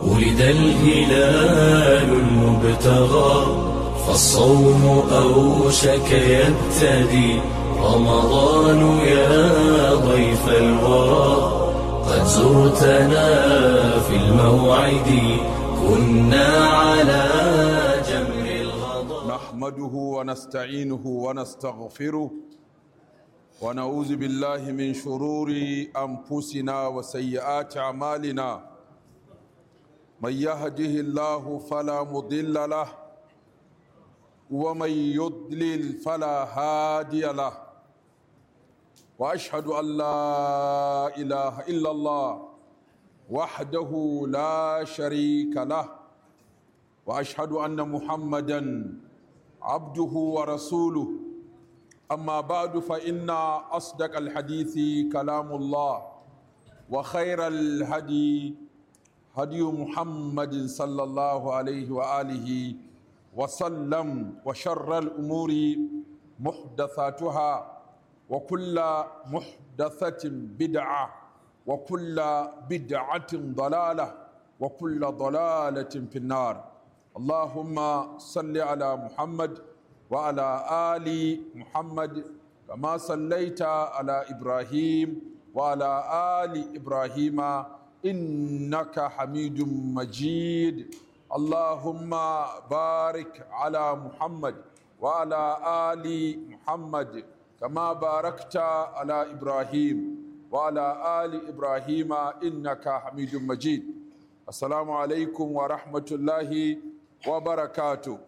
ولد الهلال المبتغى فالصوم أوشك يبتدي رمضان يا ضيف الورى قد زرتنا في الموعد كنا على جمر الغضا نحمده ونستعينه ونستغفره ونعوذ بالله من شرور أنفسنا وسيئات أعمالنا من يهده الله فلا مضل له ومن يضلل فلا هادي له واشهد ان لا اله الا الله وحده لا شريك له واشهد ان محمدا عبده ورسوله اما بعد فان اصدق الحديث كلام الله وخير الهدي هدي محمد صلى الله عليه وآله وسلم وشر الأمور محدثاتها وكل محدثة بدعة وكل بدعة ضلالة وكل ضلالة في النار اللهم صل على محمد وعلى آل محمد كما صليت على إبراهيم وعلى آل إبراهيم innaka hamidun majid Allahuma barik ala muhammad wa ala ali muhammad kama barakta ala ibrahim wa ala ali ibrahima innaka hamidun majid assalamu alaikum wa rahmatullahi wa barakatu.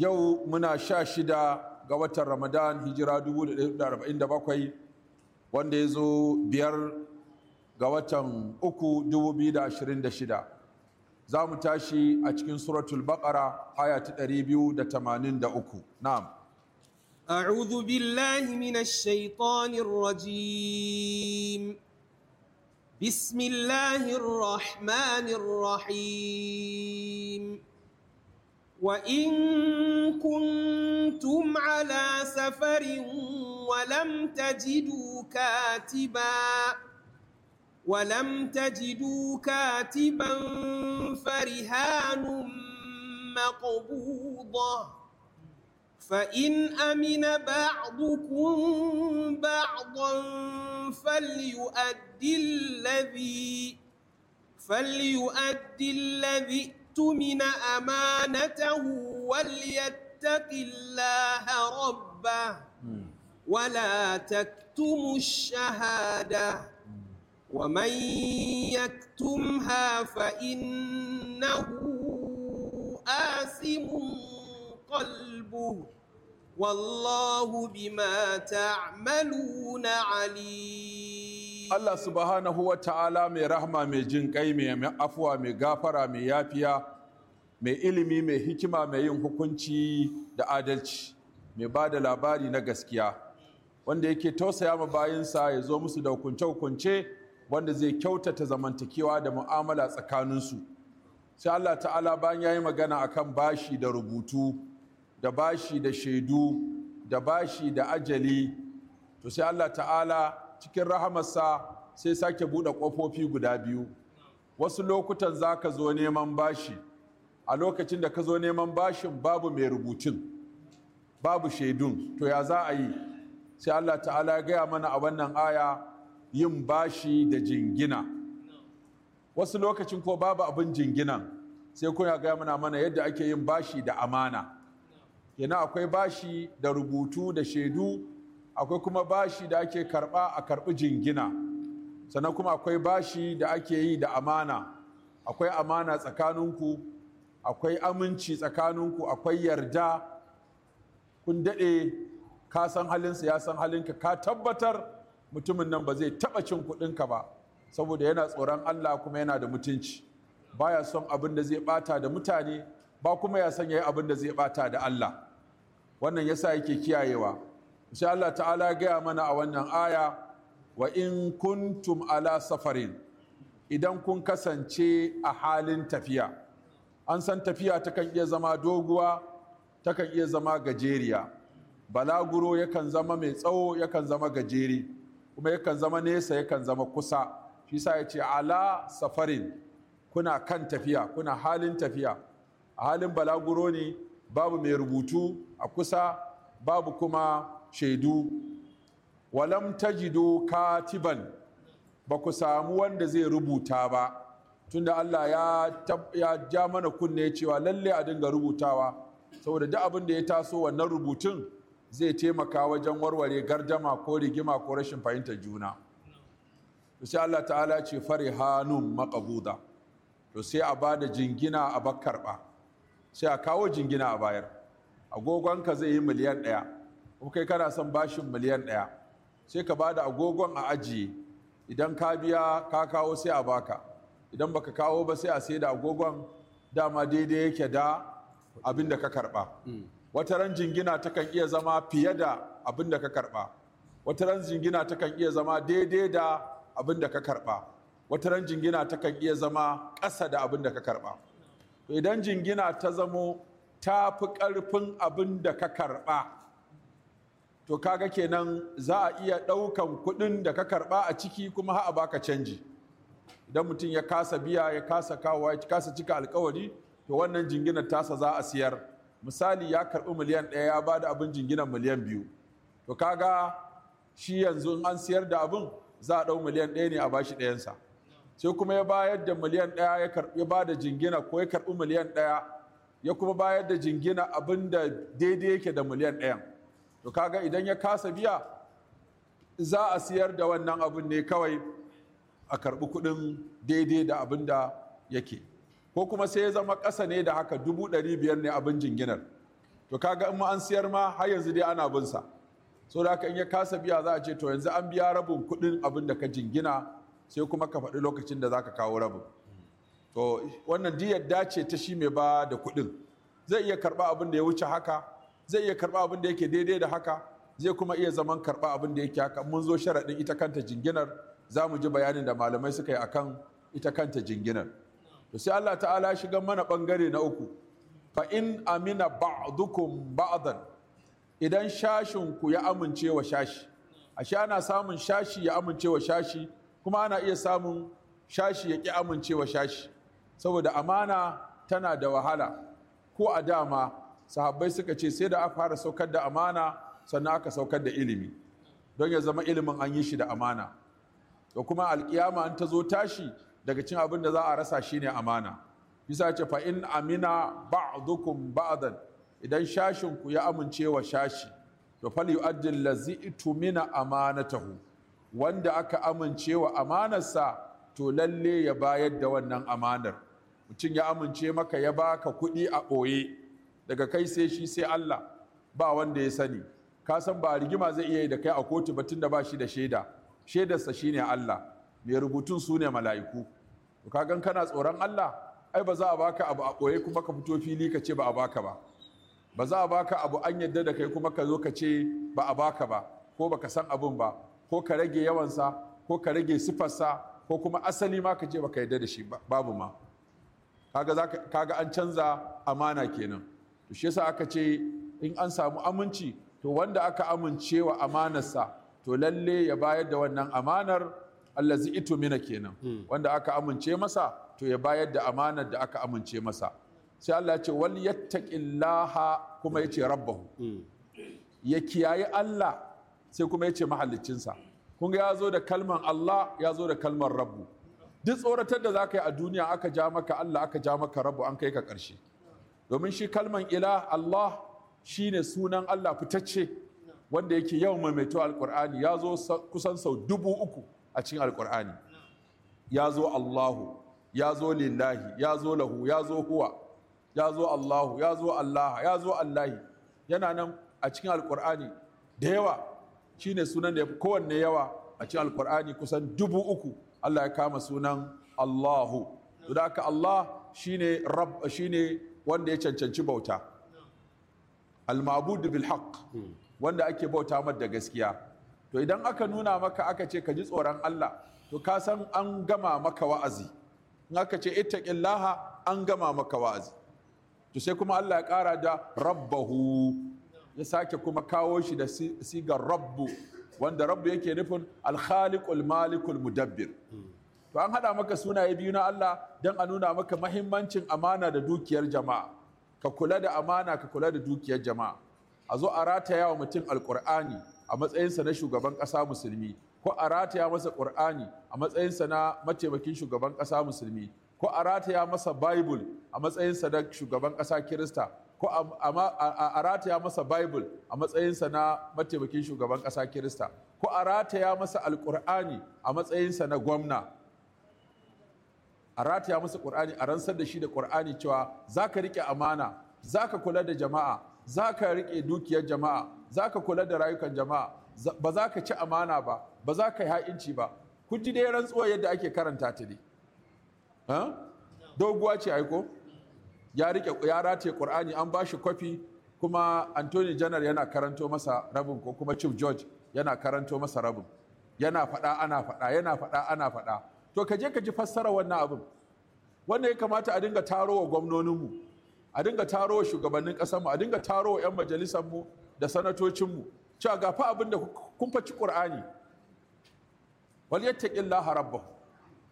yau muna sha shida ga watan ramadan hijira 1447 wanda ya zo biyar ga watan uku dubu biyu da ashirin da shida za mu tashi a cikin suratul baƙara aya ta ɗari biyu da tamanin da uku na'am أعوذ بالله من الشيطان الرجيم بسم الله الرحمن الرحيم وإن كنتم على سفر ولم تجدوا كاتبا ولم تجدوا كاتبا فرهان مقبوضه فإن أمن بعضكم بعضا فليؤدي الذي فليؤدي الذي ليؤتمن أمانته وليتق الله ربه ولا تكتم الشهادة ومن يكتمها فإنه آثم قلبه والله بما تعملون عليم Allah subhanahu wa ta'ala mai rahma mai jin kai mai afuwa mai gafara mai yafiya mai ilimi mai hikima mai yin hukunci da adalci mai ba da labari na gaskiya wanda yake tausaya ma bayinsa ya zo musu da hukunce-hukunce wanda zai kyautata zamantakewa da mu'amala tsakaninsu sai Allah ta'ala bayan ya yi magana akan bashi da rubutu da bashi da shaidu da bashi da ajali to sai Allah ta'ala cikin rahamarsa sai sake buɗe ƙofofi guda biyu wasu lokutan za ka zo neman bashi a lokacin da ka zo neman bashin babu mai rubutun babu shaidun to ya za a yi sai allah ta'ala ya gaya mana a wannan aya yin bashi da jingina wasu lokacin ko babu abin jingina sai kun ya gaya mana mana yadda ake yin bashi da amana yana akwai bashi da rubutu da shaidu akwai kuma bashi da ake karba a karbi jingina sannan kuma akwai bashi da ake yi da amana akwai amana tsakaninku akwai aminci tsakaninku akwai yarda kun daɗe ka san halinsa ya san halinka ka tabbatar mutumin nan ba zai taɓa cin kuɗinka ba saboda yana tsoron allah kuma yana da mutunci baya son abin da zai ɓata da mutane ba kuma ya san ya abin da zai ɓata da allah wannan yasa yake kiyayewa sai Allah ta'ala gaya mana a wannan aya wa in kuntum ala safarin idan kun kasance a halin tafiya an san tafiya takan iya zama doguwa takan iya zama gajeriya balaguro yakan zama mai tsawo yakan zama gajeri kuma yakan zama nesa yakan zama kusa shi sa ya ce ala safarin kuna kan tafiya kuna halin tafiya a halin balaguro ne babu mai rubutu a kusa babu kuma shaidu walam tajidu katiban ba ku samu wanda zai rubuta ba tunda Allah ya ja mana kunne cewa lalle a dinga rubutawa saboda duk abin da ya taso wannan rubutun zai taimaka wajen warware gardama ko rigima ko rashin fahimtar juna to sai Allah ta'ala ce farihanun maqbuda to sai a bada jingina a ba, sai a kawo jingina a bayar agogonka zai yi miliyan ɗaya kuma kai kana son bashin miliyan ɗaya sai ka bada agogon a ajiye idan ka biya ka kawo sai a baka idan baka kawo ba sai a sai da agogon dama daidai yake da abin da ka karba wata ran jingina kan iya zama fiye da abin da ka karba wata ran jingina kan iya zama daidai da abin da ka karba wata ran jingina kan iya zama ƙasa da abin da ka karba idan jingina ta zamo ta fi ƙarfin abin da ka karba to kaga kenan za a iya ɗaukan kuɗin da ka karɓa a ciki kuma ha'a baka canji idan mutum ya kasa biya ya kasa kawo ya kasa cika alkawari to wannan jinginar tasa za a siyar misali ya karɓi miliyan ɗaya ya bada abin jinginar miliyan biyu to kaga shi yanzu in an siyar da abin za a ɗau miliyan ɗaya ne a bashi ɗayansa sai kuma ya bayar da miliyan ɗaya ya ba da jingina ko ya karɓi miliyan ɗaya ya kuma bayar da jingina abin da daidai yake da miliyan ɗayan to kaga idan ya kasa biya za a siyar da wannan abin ne kawai a karbi kudin daidai da abin da yake ko kuma sai ya zama ƙasa ne da haka dubu ɗari biyar ne abin jinginar to kaga in ma an siyar ma har yanzu dai ana bin sa so da haka in ya kasa biya za a ce to yanzu an biya rabin kudin abin da ka jingina sai kuma ka faɗi lokacin da za ka kawo rabin to wannan diyar dace ta shi mai ba da kudin zai iya karɓa abin da ya wuce haka zai iya karɓa abin da yake daidai da haka zai kuma iya zaman karɓa abin da yake haka mun zo sharaɗin ita kanta jinginar za mu ji bayanin da malamai suka yi akan ita kanta jinginar to sai Allah ta'ala Ya shiga mana ɓangare na uku fa in amina ba'dukum ba'dan idan shashin ku ya amince wa shashi ashe ana samun shashi ya amince wa shashi kuma ana iya samun shashi ya ki amince wa shashi saboda amana tana da wahala ko a dama sahabbai suka ce sai da aka fara saukar da amana sannan aka saukar da ilimi don ya zama ilimin an yi shi da amana da kuma alkiyama an ta zo tashi daga cin abin da za a rasa shine amana bisa ce fa in amina ba'dukum ba'dan idan shashin ku ya amince wa shashi to fal yu'addi allazi tumina amanatahu wanda aka amince wa amanarsa to lalle ya bayar da wannan amanar mutum ya amince maka ya baka kuɗi a ɓoye daga kai sai shi sai Allah ba wanda ya sani ka san ba rigima zai iya yi da kai a kotu ba tunda ba shi da shaida shaidarsa shine Allah mai rubutun su ne mala'iku to ka gan kana tsoron Allah ai ba za a baka abu a koye kuma ka fito fili ka ce ba a baka ba ba za a baka abu an yadda da kai kuma ka zo ka ce ba a baka ba ko baka san abun ba ko ka rage yawansa ko ka rage sifarsa ko kuma asali ma ka ce baka yadda da shi babu ma kaga an canza amana kenan to shi yasa aka ce in an samu aminci to wanda aka amince wa amanarsa to lalle ya bayar da wannan amanar allazi ito mina kenan hmm. wanda aka amince masa to ya bayar da amanar da aka amince masa sai Allah ce wal yattaqillaha kuma yace rabbahu hmm. ya kiyaye Allah sai kuma yace mahallicinsa kun ga ya zo da kalman Allah ya zo da kalmar rabbu duk tsoratar da zaka yi a duniya aka ja maka Allah aka ja maka rabbu an kai ka karshe domin shi kalman ila Allah shi ne sunan Allah fitacce wanda yake yawan maimaito alkur'ani ya zo kusan sau dubu uku a cikin alkur'ani ya zo Allahu ya zo lillahi ya zo lahu ya zo huwa ya zo Allahu ya zo Allah ya zo Allahi yana nan a cikin alkur'ani da yawa shi ne sunan da ya kowanne yawa a cikin alkur'ani kusan dubu uku Allah ya kama sunan Allahu. sudaka Allah shine ne wanda ya cancanci bauta al-ma'budu bil haqq wanda ake bauta mar da gaskiya to idan aka nuna maka aka ce ka ji tsoron Allah to ka san an gama maka wa'azi in aka ce ittaqillaha an gama maka wa'azi to sai kuma Allah ya kara da rabbahu ya sake kuma kawo shi da sigar rabbu wanda rabbu yake nufin al-khaliqul malikul mudabbir to an haɗa maka sunaye biyu na Allah don a nuna maka mahimmancin amana da dukiyar jama'a ka kula da amana ka kula da dukiyar jama'a a zo a rataya wa mutum alƙur'ani a matsayinsa na shugaban ƙasa musulmi ko a rataya masa ƙur'ani a matsayinsa na mataimakin shugaban ƙasa musulmi ko a rataya masa bible a matsayinsa na shugaban ƙasa kirista ko a rataya masa bible a matsayinsa na mataimakin shugaban ƙasa kirista ko a rataya masa alƙur'ani a matsayinsa na gwamna a rataya masa ƙur'ani a ransar da shi da ƙur'ani cewa za ka riƙe amana za ka kula da jama'a za ka riƙe dukiyar jama'a za ka kula da rayukan jama'a ba za ka ci amana ba ba za ka yi ha'inci ba kun ji dai rantsuwa yadda ake karanta ta ne doguwa ce aiko ya riƙe ya rataye ƙur'ani an ba shi kwafi kuma Anthony Janar yana karanto masa rabin ko kuma Chief George yana karanto masa rabin yana faɗa ana faɗa yana faɗa ana faɗa to ka je ka ji fassara wannan abin wannan ya kamata a dinga tarowa gwamnoninmu a dinga tarowa shugabannin ƙasarmu a dinga tarowa 'yan majalisarmu da sanatocinmu cewa ga fa abin da kun faci ƙur'ani wal yattaqillaha rabbahu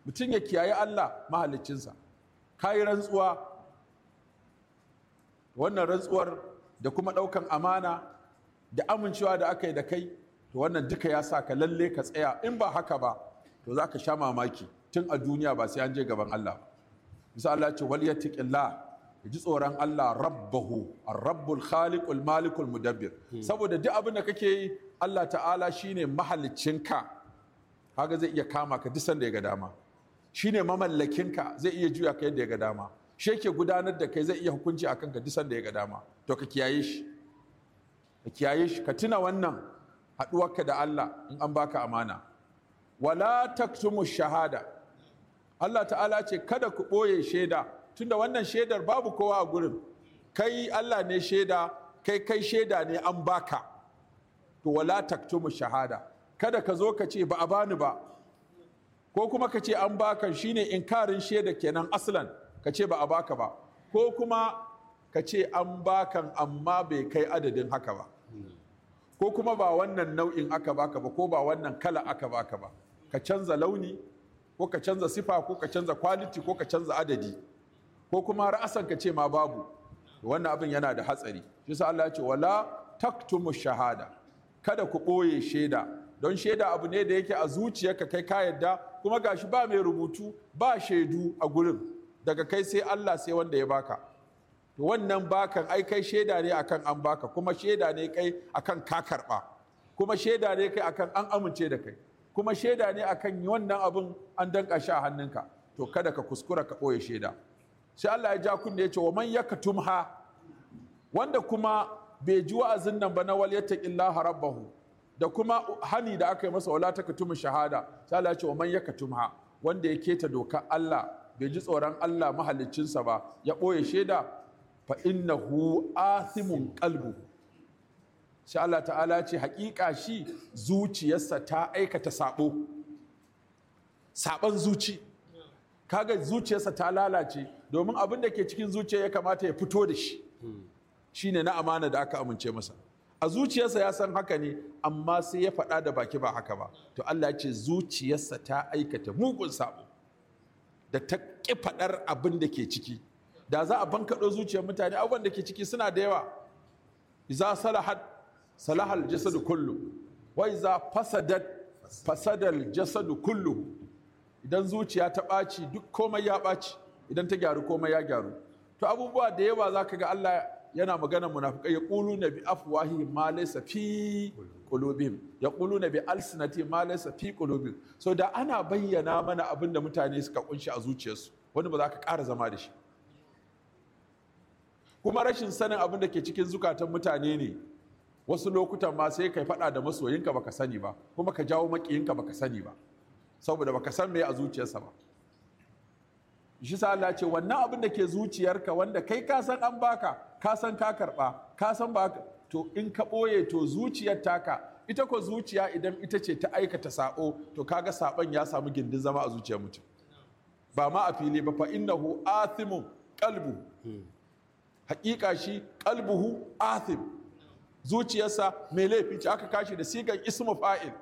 mutum ya kiyaye Allah mahaliccinsa kayi rantsuwa wannan rantsuwar da kuma ɗaukan amana da amincewa da aka yi da kai to wannan duka ya sa ka lalle ka tsaya in ba haka ba to za ka sha mamaki tun a duniya ba sai an je gaban Allah bisa Allah ce wal yattaqillah ji tsoron Allah rabbahu ar-rabbul khaliqul malikul mudabbir hmm. saboda duk abin da kake yi Allah ta'ala shine mahaliccinka kaga zai iya kama ka duk sanda ya ga dama shine mamallakinka zai iya juya ka yadda ya ga dama shi yake gudanar da kai zai iya hukunci akan ka duk sanda ya ga dama to ka kiyaye shi ka kiyaye shi ka tuna wannan haɗuwarka da Allah in an baka amana wala taktumu shahada Allah ta'ala ce kada ku ɓoye shaida tunda wannan shaidar babu kowa a gurin kai Allah ne shaida kai kai shaida ne an baka to wala taktumu shahada kada ka zo ka ce ba a bani ba ko kuma ka ce an baka shine inkarin shaida kenan aslan ka ce ba a baka ba ko kuma ka ce an bakan amma bai kai adadin haka ba ko kuma ba wannan nau'in aka baka ba ko ba wannan kala aka baka ba ka canza launi ko ka canza sifa ko ka canza quality ko ka canza adadi ko kuma ra'asan ka ce ma babu wannan abin yana da hatsari shi sa Allah ya ce wala taktumu shahada kada ku boye shaida don shaida abu ne da yake a zuciyarka kai ka yadda kuma gashi ba mai rubutu ba shaidu a gurin daga kai sai Allah sai wanda ya baka to wannan bakan ai kai shaida ne akan an baka kuma shaida ne kai akan ka karba kuma shaida ne kai akan an amince da kai kuma shaida ne a akan wannan abin an danka shi a hannunka to kada ka kuskura ka ɓoye shaida sai Allah ya ja kunne ya ce wa man tumha? wanda kuma bai ji wa'azin nan ba na wal yattaqillaha rabbahu da kuma hani da aka yi masa wala takatumu shahada sai Allah ya ce wa man tumha? wanda ya keta doka Allah bai ji tsoron Allah mahalicinsa ba ya ɓoye shaida fa innahu asimun qalbuhu shi Allah ta'ala ce haƙiƙa shi zuciyarsa ta aikata sabo saban zuci kaga zuciyarsa ta lalace domin abin da ke cikin zuciya ya kamata ya fito da shi shine na amana da aka amince masa a zuciyarsa ya san haka ne amma sai ya faɗa da baki ba haka ba to Allah ce zuciyarsa ta aikata mugun sabo da ta ƙi faɗar abin da ke ciki da za a bankaɗo zuciyar mutane abubuwan da ke ciki suna da yawa za salahat salahal jasadu kullu wa iza fasadat fasadal jasadu kullu idan zuciya ta ɓaci duk komai ya ɓaci idan ta gyaru komai ya gyaru to abubuwa da yawa zaka ga Allah yana magana munafikai ya ƙulu na bi afwahi ma laysa fi qulubihim ya ƙulu na bi alsinati ma laysa fi qulubihim so da ana bayyana mana abin da mutane suka kunshi a zuciyarsu wani ba za ka ƙara zama da shi kuma rashin sanin abin da ke cikin zukatan mutane ne wasu lokutan ma sai kai faɗa da masoyinka baka sani ba kuma ka jawo maƙiyinka baka sani ba saboda baka san mai a zuciyarsa ba shi sa Allah ce wannan abin da ke zuciyarka wanda kai ka san an baka ka san ka karɓa ka san ba to in ka ɓoye to zuciyar taka ita ko zuciya idan ita ce ta aikata sa'o to kaga saɓon ya samu gindin zama a zuciyar mutum ba ma a fili ba fa innahu athimun qalbu hmm. shi qalbuhu athim zuciyarsa mai laifi ce aka kashi da sigan ismu fa'il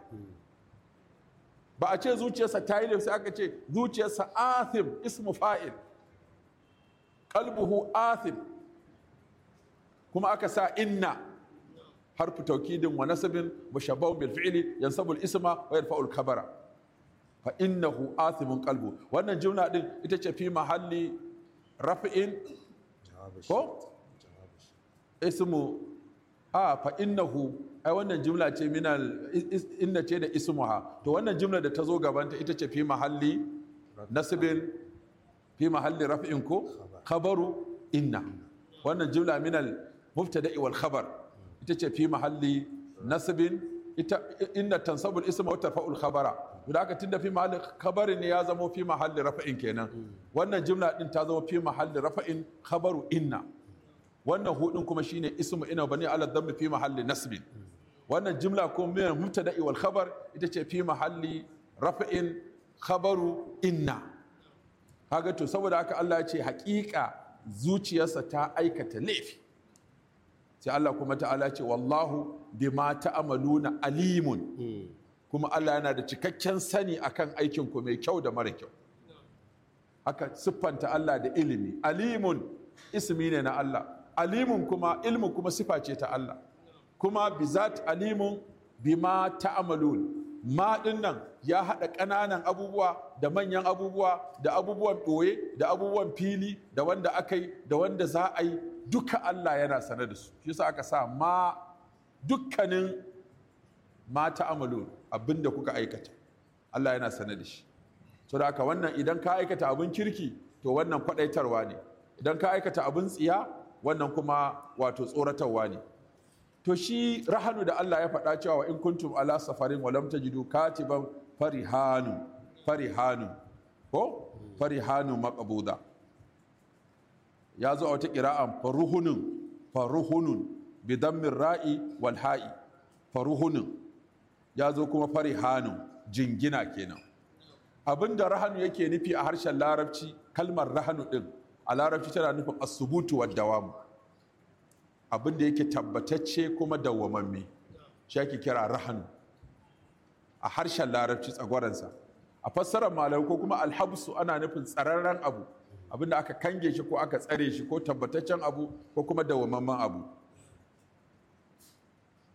ba a ce zuciyarsa ta yi laifi aka ce zuciyarsa athim ismu fa'il kalbuhu athim kuma aka sa inna harfu taukidin wa nasabin mushabbahun bil fi'li yansabu isma wa yarfa'u kabara, fa innahu athimun wannan jumla din ita ce fi mahalli raf'in ko ismu a fa innahu ai wannan jumla ce minal inna ce da ismuha to wannan jumla da ta zo gabanta ita ce fi mahalli nasibin fi mahalli raf'in ko khabaru inna wannan jumla minal mubtada'i wal khabar ita ce fi mahalli nasibin ita inna tansabul isma wa tarfa'ul khabara da aka tunda fi mahalli khabari ne ya zama fi mahalli raf'in kenan wannan jumla din ta zama fi mahalli raf'in khabaru inna wannan huɗun kuma shine ismu ina bani ala dhammi fi mahalli nasbin wannan jimla kuma min mubtada'i wal khabar ita ce fi mahalli raf'in khabaru inna kaga to saboda haka Allah ya ce haƙiƙa zuciyarsa ta aikata laifi sai Allah kuma ta'ala ce wallahu bima ta'amaluna alimun kuma Allah yana da cikakken sani akan aikin ku mai kyau da mara kyau haka siffanta Allah da ilimi alimun ismi ne na Allah alimun kuma ilmu kuma sifa ce ta Allah kuma bi zat alimun ma ta'malun ma nan ya haɗa ƙananan abubuwa da manyan abubuwa da abubuwan ɓoye da abubuwan fili da wanda aka yi da wanda za a yi duka Allah yana sane da su shi yasa aka sa ma dukkanin ma ta'malun abin da kuka aikata Allah yana sane da shi to da aka wannan idan ka aikata abin kirki to wannan kwaɗaitarwa ne idan ka aikata abin tsiya wannan kuma wato tsoratarwa ne to shi rahanu da Allah ya faɗa cewa in kuntum ala safarin wa lam tajidu katiban farihanu farihanu ko farihanu maqbuda ya zo a wata ƙira'an faruhunun faruhunun bidan min ra'i wal ha'i faruhunun ya zo kuma farihanu jingina kenan abinda rahanu yake nufi a harshen larabci kalmar rahanu din a larabci tana nufin asubutu wa dawamu abinda yake tabbatacce kuma dawwamamme shi ake kira rahanu a harshen larabci tsagwaransa a fassarar malam ko kuma alhabsu ana nufin tsararren abu abinda aka kange shi ko aka tsare shi ko tabbataccen abu ko kuma dawwamamman abu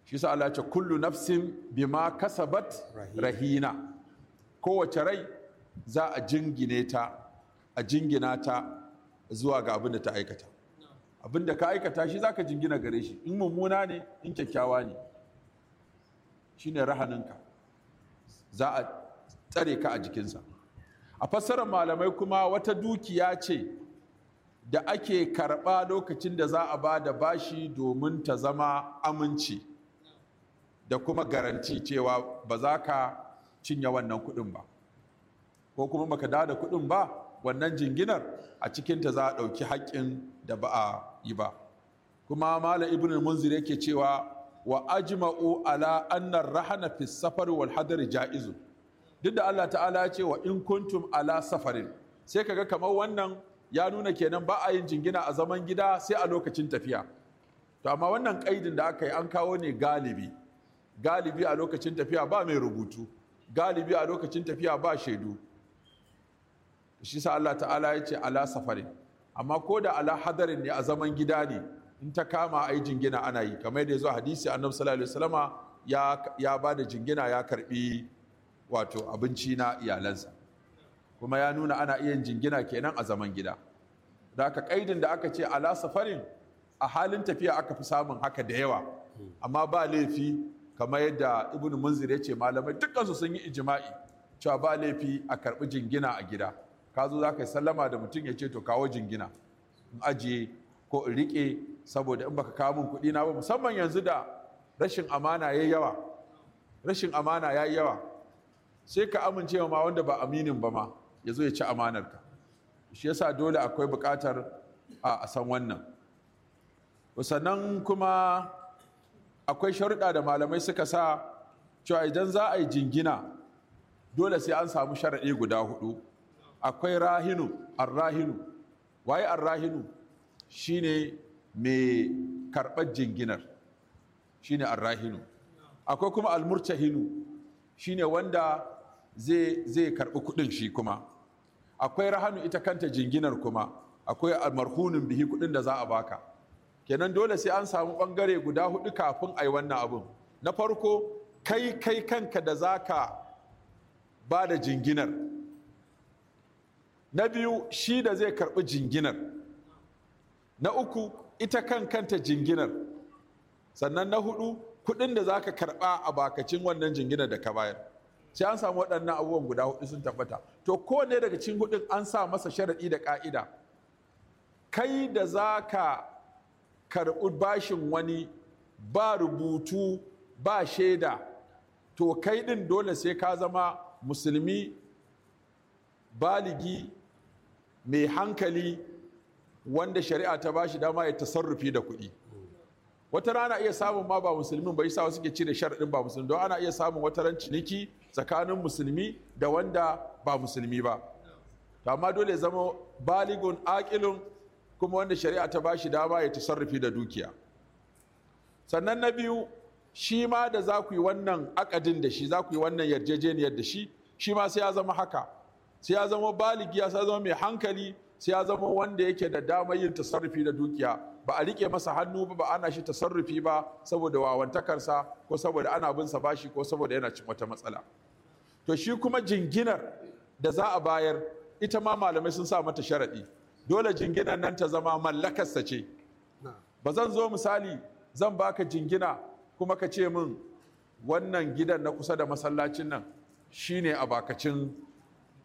shi sa Allah ya ce kullu nafsin bima kasabat rahina kowace rai za a jingine a jingina ta zuwa ga abin da ta aikata abin da ka aikata shi zaka jingina gare shi in mummuna ne in kyakkyawa ne shine rahaninka za a tsare ka a jikinsa a fassarar malamai kuma wata dukiya ce da ake karɓa lokacin da za a ba da bashi domin ta zama aminci da kuma garanti cewa ba za ka cinye wannan kuɗin ba ko kuma baka da kuɗin ba wannan jinginar a cikinta za a ɗauki haƙƙin da ba a yi ba kuma mala ibn munzir yake cewa wa ajma'u ala anna rahana fi safar wal hadar ja'izu duk da Allah ta'ala ya ce wa in kuntum ala safarin sai kaga kamar wannan ya nuna kenan ba a yin jingina a zaman gida sai a lokacin tafiya to amma wannan kaidin da aka yi an kawo ne galibi galibi a lokacin tafiya ba mai rubutu galibi a lokacin tafiya ba shaidu shi sa Allah ta'ala ya ce ala safarin amma ko da ala hadarin ne a zaman gida ne in ta kama ai jingina ana yi kamar yadda ya zo hadisi annabi sallallahu alaihi wasallama ya ba da jingina ya karbi wato abinci na iyalansa kuma ya nuna ana iya jingina kenan a zaman gida da aka kaidin da aka ce ala safarin a halin tafiya aka fi samun haka da yawa amma ba laifi kamar yadda ibnu munzir ya ce malamai dukkan su sun yi ijma'i cewa ba laifi a karbi jingina a gida ka zo za ka yi sallama da mutum ya ce to kawo jingina in ajiye ko in riƙe saboda in baka kawo min kuɗi na ba musamman yanzu da rashin amana ya yawa rashin amana ya yawa sai ka amince ma wanda ba aminin ba ma ya zo ya ci amanar ka. shi yasa dole akwai buƙatar a san wannan sannan kuma akwai sharuɗa da malamai suka sa cewa idan za a yi jingina dole sai an samu sharaɗi guda hudu akwai rahinu arrahinu waye arrahinu shine mai karɓar jinginar shine arrahinu akwai kuma almurtahinu shine wanda zai karɓi kuɗin shi kuma akwai rahanu ita kanta jinginar kuma akwai almarhunin bihi kuɗin da za a baka kenan dole sai an samu ɓangare guda hudu kafin a yi wannan abin na farko kai kai kanka da za ka ba da jinginar na biyu shi da zai karɓi jinginar na uku ita kan kanta jinginar sannan na hudu kuɗin da za ka karɓa a bakacin wannan jinginar da ka bayar sai an samu waɗannan abubuwan guda hudu sun tabbata to ko ne daga cikin hudun an sa masa sharaɗi da ƙa'ida kai da za ka karɓi bashin wani ba rubutu ba shaida to kai ɗin dole sai ka zama musulmi baligi mai hankali wanda shari'a ta bashi dama ya tasarrufi da kuɗi wata rana iya samun ma ba musulmin bai sa suke cire sharaɗin ba musulmi don ana iya samun wata ran ciniki tsakanin musulmi da wanda ba musulmi ba amma dole zama baligun akilun kuma wanda shari'a ta bashi dama ya tasarrufi da dukiya sannan na biyu shi ma da za ku yi wannan akadin da shi za ku yi wannan yarjejeniyar da shi shi ma sai ya zama haka sai ya zama baligi ya zama mai hankali sai ya zama wanda yake da damar yin tasarrufi da dukiya ba a rike masa hannu ba ba ana shi tasarrufi ba saboda wawantakarsa ko saboda ana bin sa bashi ko saboda yana cin wata matsala to shi kuma jinginar da za a bayar ita ma malamai sun sa mata sharadi dole jinginar nan ta zama mallakarsa ce ba zan zo misali zan baka jingina kuma ka ce min wannan gidan na kusa da masallacin nan shine a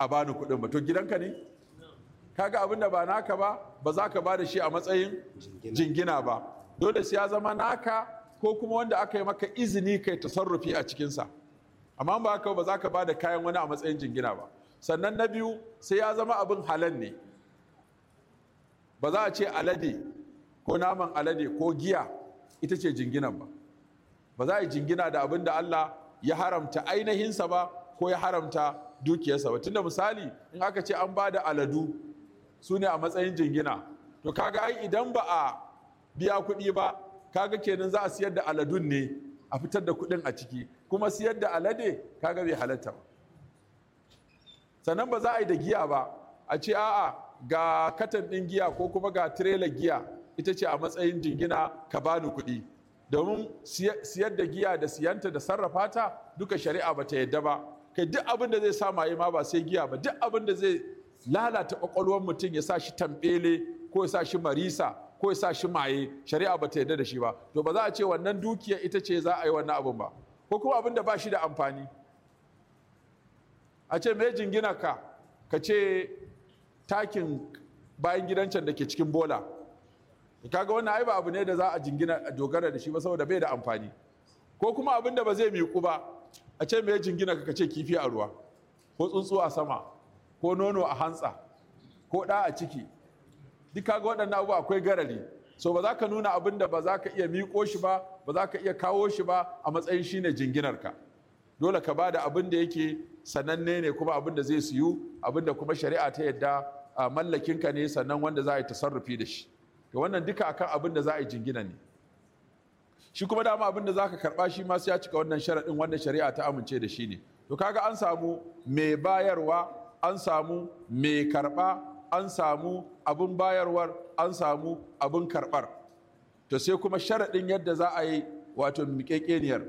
a bani kuɗin ba to gidanka ne kaga abin da ba naka ba ba za ka ba da shi a matsayin jingina ba dole sai ya zama naka ko kuma wanda aka yi maka izini kai tasarrufi a cikinsa amma ba haka ba za ka ba da kayan wani a matsayin jingina ba sannan na biyu sai ya zama abin halal ne ba za a ce alade ko naman alade ko giya ita ce jinginan ba ba za a yi jingina da abin da Allah ya haramta ainihinsa ba ko ya haramta dukiyarsa ba tunda misali in aka ce an ba da aladu su ne a matsayin jingina to kaga ai idan ba a biya kuɗi ba kaga kenan za a siyar da aladun ne a fitar da kuɗin a ciki kuma siyar da alade kaga bai halatta ba sannan ba za a yi da giya ba a ce a'a ga katan ɗin giya ko kuma ga tirelar giya ita ce a matsayin jingina ka bani kuɗi domin siyar da giya da siyanta da sarrafa ta duka shari'a ba ta yadda ba kai duk abin da zai sa maye ma ba sai giya ba duk abin da zai lalata kwakwalwar mutum ya sa shi tambele ko ya sa shi marisa ko ya sa shi maye shari'a ba ta yarda da shi ba to ba za a ce wannan dukiya ita ce za a yi wannan abin ba ko kuma abin da ba shi da amfani a ce me jingina ka ka ce takin bayan gidan can da ke cikin bola kaga wannan ai ba abu ne da za a jingina a dogara da shi ba saboda bai da amfani ko kuma abin da ba zai miƙu ba a ce me jingina ka ce kifi a ruwa ko tsuntsu a sama ko nono a hantsa ko ɗa a ciki duk ga waɗannan abubuwa akwai garari so ba za ka nuna abin da ba za ka iya miƙo shi ba ba za ka iya kawo shi ba a matsayin shi shine jinginarka dole ka ba da abin da yake sananne ne kuma abin da zai siyu abin da kuma shari'a ta yadda mallakinka ne sannan wanda za a yi tasarrufi da shi Ga wannan duka akan abin da za a yi jingina ne shi kuma dama abin da zaka karba shi ma sai ya cika wannan sharadin wanda shari'a ta amince da shi ne to kaga an samu mai bayarwa an samu mai karba an samu abin bayarwar an samu abin karbar to sai kuma sharadin yadda za a yi wato miƙeƙeniyar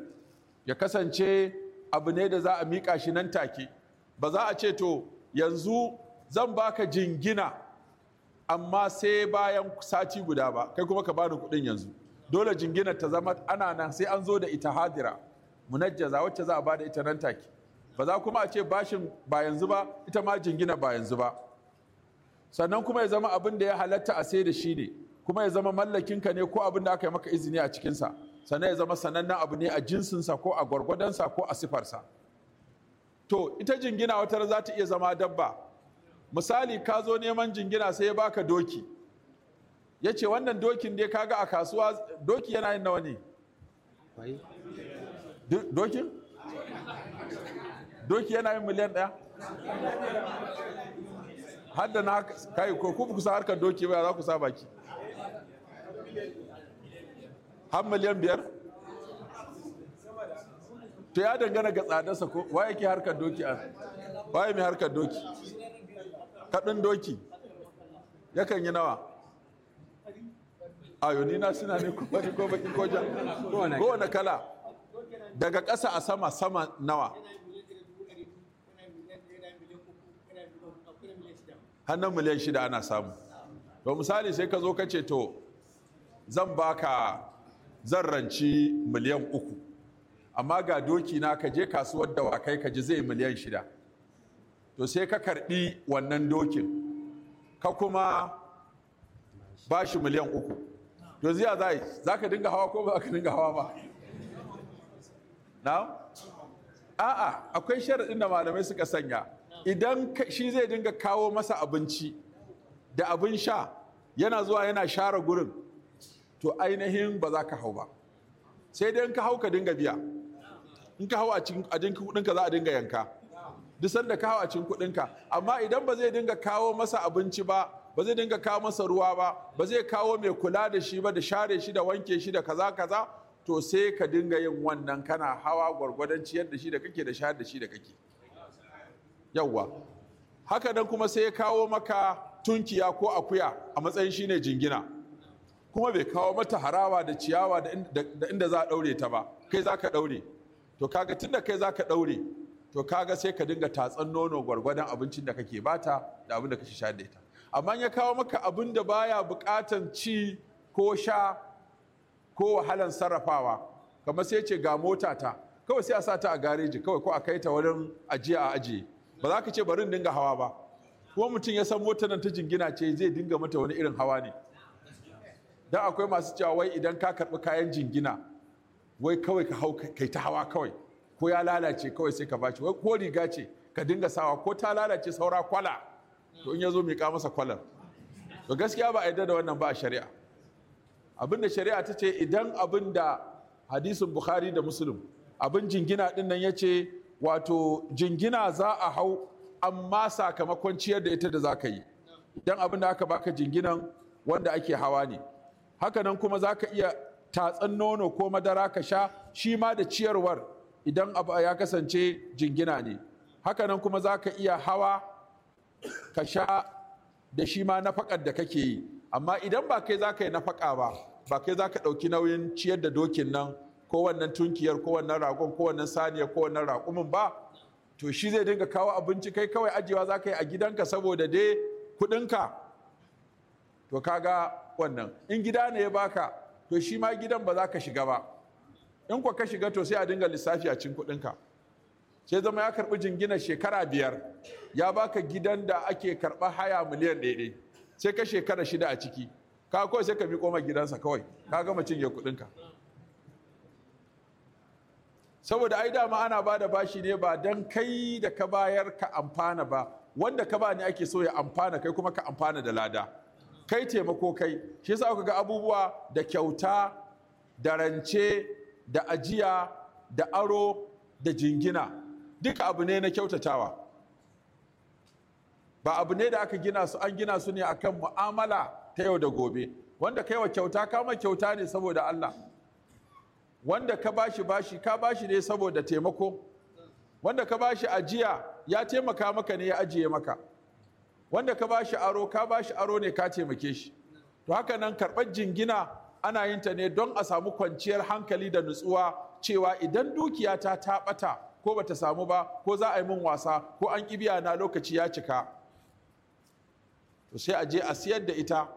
ya kasance abu ne da za a miƙa shi nan take ba za a ce to yanzu zan baka jingina amma sai bayan sati guda ba kai kuma ka bani kuɗin yanzu dole jinginar ta zama ana nan sai an zo da ita hadira munajjaza wacce za a bada ita nan take ba za kuma a ce bashin ba yanzu ba ita ma jingina ba yanzu ba sannan kuma ya zama abin da ya halatta a sai da shi ne kuma ya zama mallakinka ne ko abin da aka yi maka izini a cikinsa sannan ya zama sanannen abu ne a jinsinsa ko a gwargwadonsa ko a sifarsa to ita jingina wata za ta iya zama dabba misali ka zo neman jingina sai ya baka doki ya ce wannan dokin dai kaga a kasuwa doki yana yin nawa ne dokin doki yana yin miliyan ɗaya har da na kai ko ku kusa harkar doki ba za ku sa baki har miliyan biyar to ya dangana ga tsadarsa ko wa yake harkar doki a waye mai harkar doki kaɗin doki yakan yi nawa ayoni na suna ne kuma ko baki ko ja ko wani kala daga ƙasa a sama sama nawa hannun miliyan shida ana samu to misali sai ka zo ka ce to zan baka zan ranci miliyan uku amma ga doki na ka je kasuwar dawakai ka ji zai miliyan shida to sai ka karɓi wannan dokin ka kuma ba shi miliyan uku yanzu ya zai za ka dinga hawa ko ba ka dinga hawa ba Na'am. a'a akwai sharaɗin da malamai suka sanya idan shi zai dinga kawo masa abinci da abin sha yana zuwa yana share gurin to ainihin ba za ka hau ba sai dai in ka hau ka dinga biya in ka hau a cikin kudinka za a dinga yanka duk sanda ka hau a cikin kudinka amma idan ba zai dinga kawo masa abinci ba ba zai dinga kawo masa ruwa ba ba zai kawo mai kula da shi ba da share shi da wanke shi da kaza kaza to sai ka dinga yin wannan kana hawa gwargwadon ciyar da shi da kake da shayar da shi da kake yawwa haka nan kuma sai ya kawo maka tunkiya ko akuya a matsayin shine jingina kuma bai kawo mata harawa da ciyawa da inda za a daure ta ba kai za ka daure to kaga tunda kai za ka daure to kaga sai ka dinga tatsan nono gwargwadon abincin da kake bata da abin da kake shayar da ita amma ya kawo maka abin da baya bukatan ci ko sha ko wahalan sarrafawa kamar sai ce ga mota ta kawai sai a sa ta a gareji kawai ko a kai ta wurin ajiya a ajiye ba za ka ce bari dinga hawa ba kuma mutum ya san mota nan ta jingina ce zai dinga mata wani irin hawa ne dan akwai masu cewa wai idan ka karɓi kayan jingina wai kawai ka hau kai ta hawa kawai ko ya lalace kawai sai ka bashi wai ko riga ce ka dinga sawa ko ta lalace saura kwala to in ya zo ka masa kwalar to gaskiya ba a yadda da wannan ba a shari'a abinda shari'a ta ce idan abin da hadisin bukhari da muslim abin jingina din nan ya ce wato jingina za a hau amma sakamakon ciyar da ita da za ka yi idan abin da aka baka jinginan wanda ake hawa ne hakanan kuma za ka iya tatsan nono ko madara ka sha shi ma da ciyarwar idan abu ya kasance jingina ne hakanan kuma za ka iya hawa ka sha da shi ma nafakar da kake yi amma idan ba kai za ka yi nafaka ba ba kai za ka ɗauki nauyin ciyar da dokin nan ko wannan tunkiyar ko wannan ragon ko wannan saniya, ko wannan raƙumin ba to shi zai dinga kawo abinci kai kawai ajiyewa za ka yi a gidanka saboda dai kuɗinka to kaga wannan in gida ne ya baka to shi ma gidan ba za ka shiga ba in kwa ka shiga to sai a dinga lissafi a cin kuɗinka sai zama ya karɓi jingina shekara biyar ya baka gidan da ake karɓa haya miliyan ɗaya sai ka shekara shida a ciki ka kawai sai ka bi koma gidansa kawai ka gama cinye kuɗinka saboda ai dama ana ba da bashi ne ba don kai da ka bayar ka amfana ba wanda ka ba ne ake so ya amfana kai kuma ka amfana da lada kai taimako kai shi yasa kuka ga abubuwa da kyauta da rance da ajiya da aro da jingina duka abu ne na kyautatawa ba abu ne da aka gina su an gina su ne akan mu'amala ta yau da gobe wanda kai wa kyauta kama kyauta ne saboda Allah wanda ka bashi bashi ka bashi ne saboda taimako wanda ka bashi ajiya ya taimaka maka ne ya ajiye maka wanda ka bashi aro ka bashi aro ne ka taimake shi to haka nan karɓar jingina ana yin ta ne don a samu kwanciyar hankali da nutsuwa cewa idan dukiyata ta ɓata ko bata samu ba ko za a yi min wasa ko an kibiya na lokaci ya cika to sai a je a siyar da ita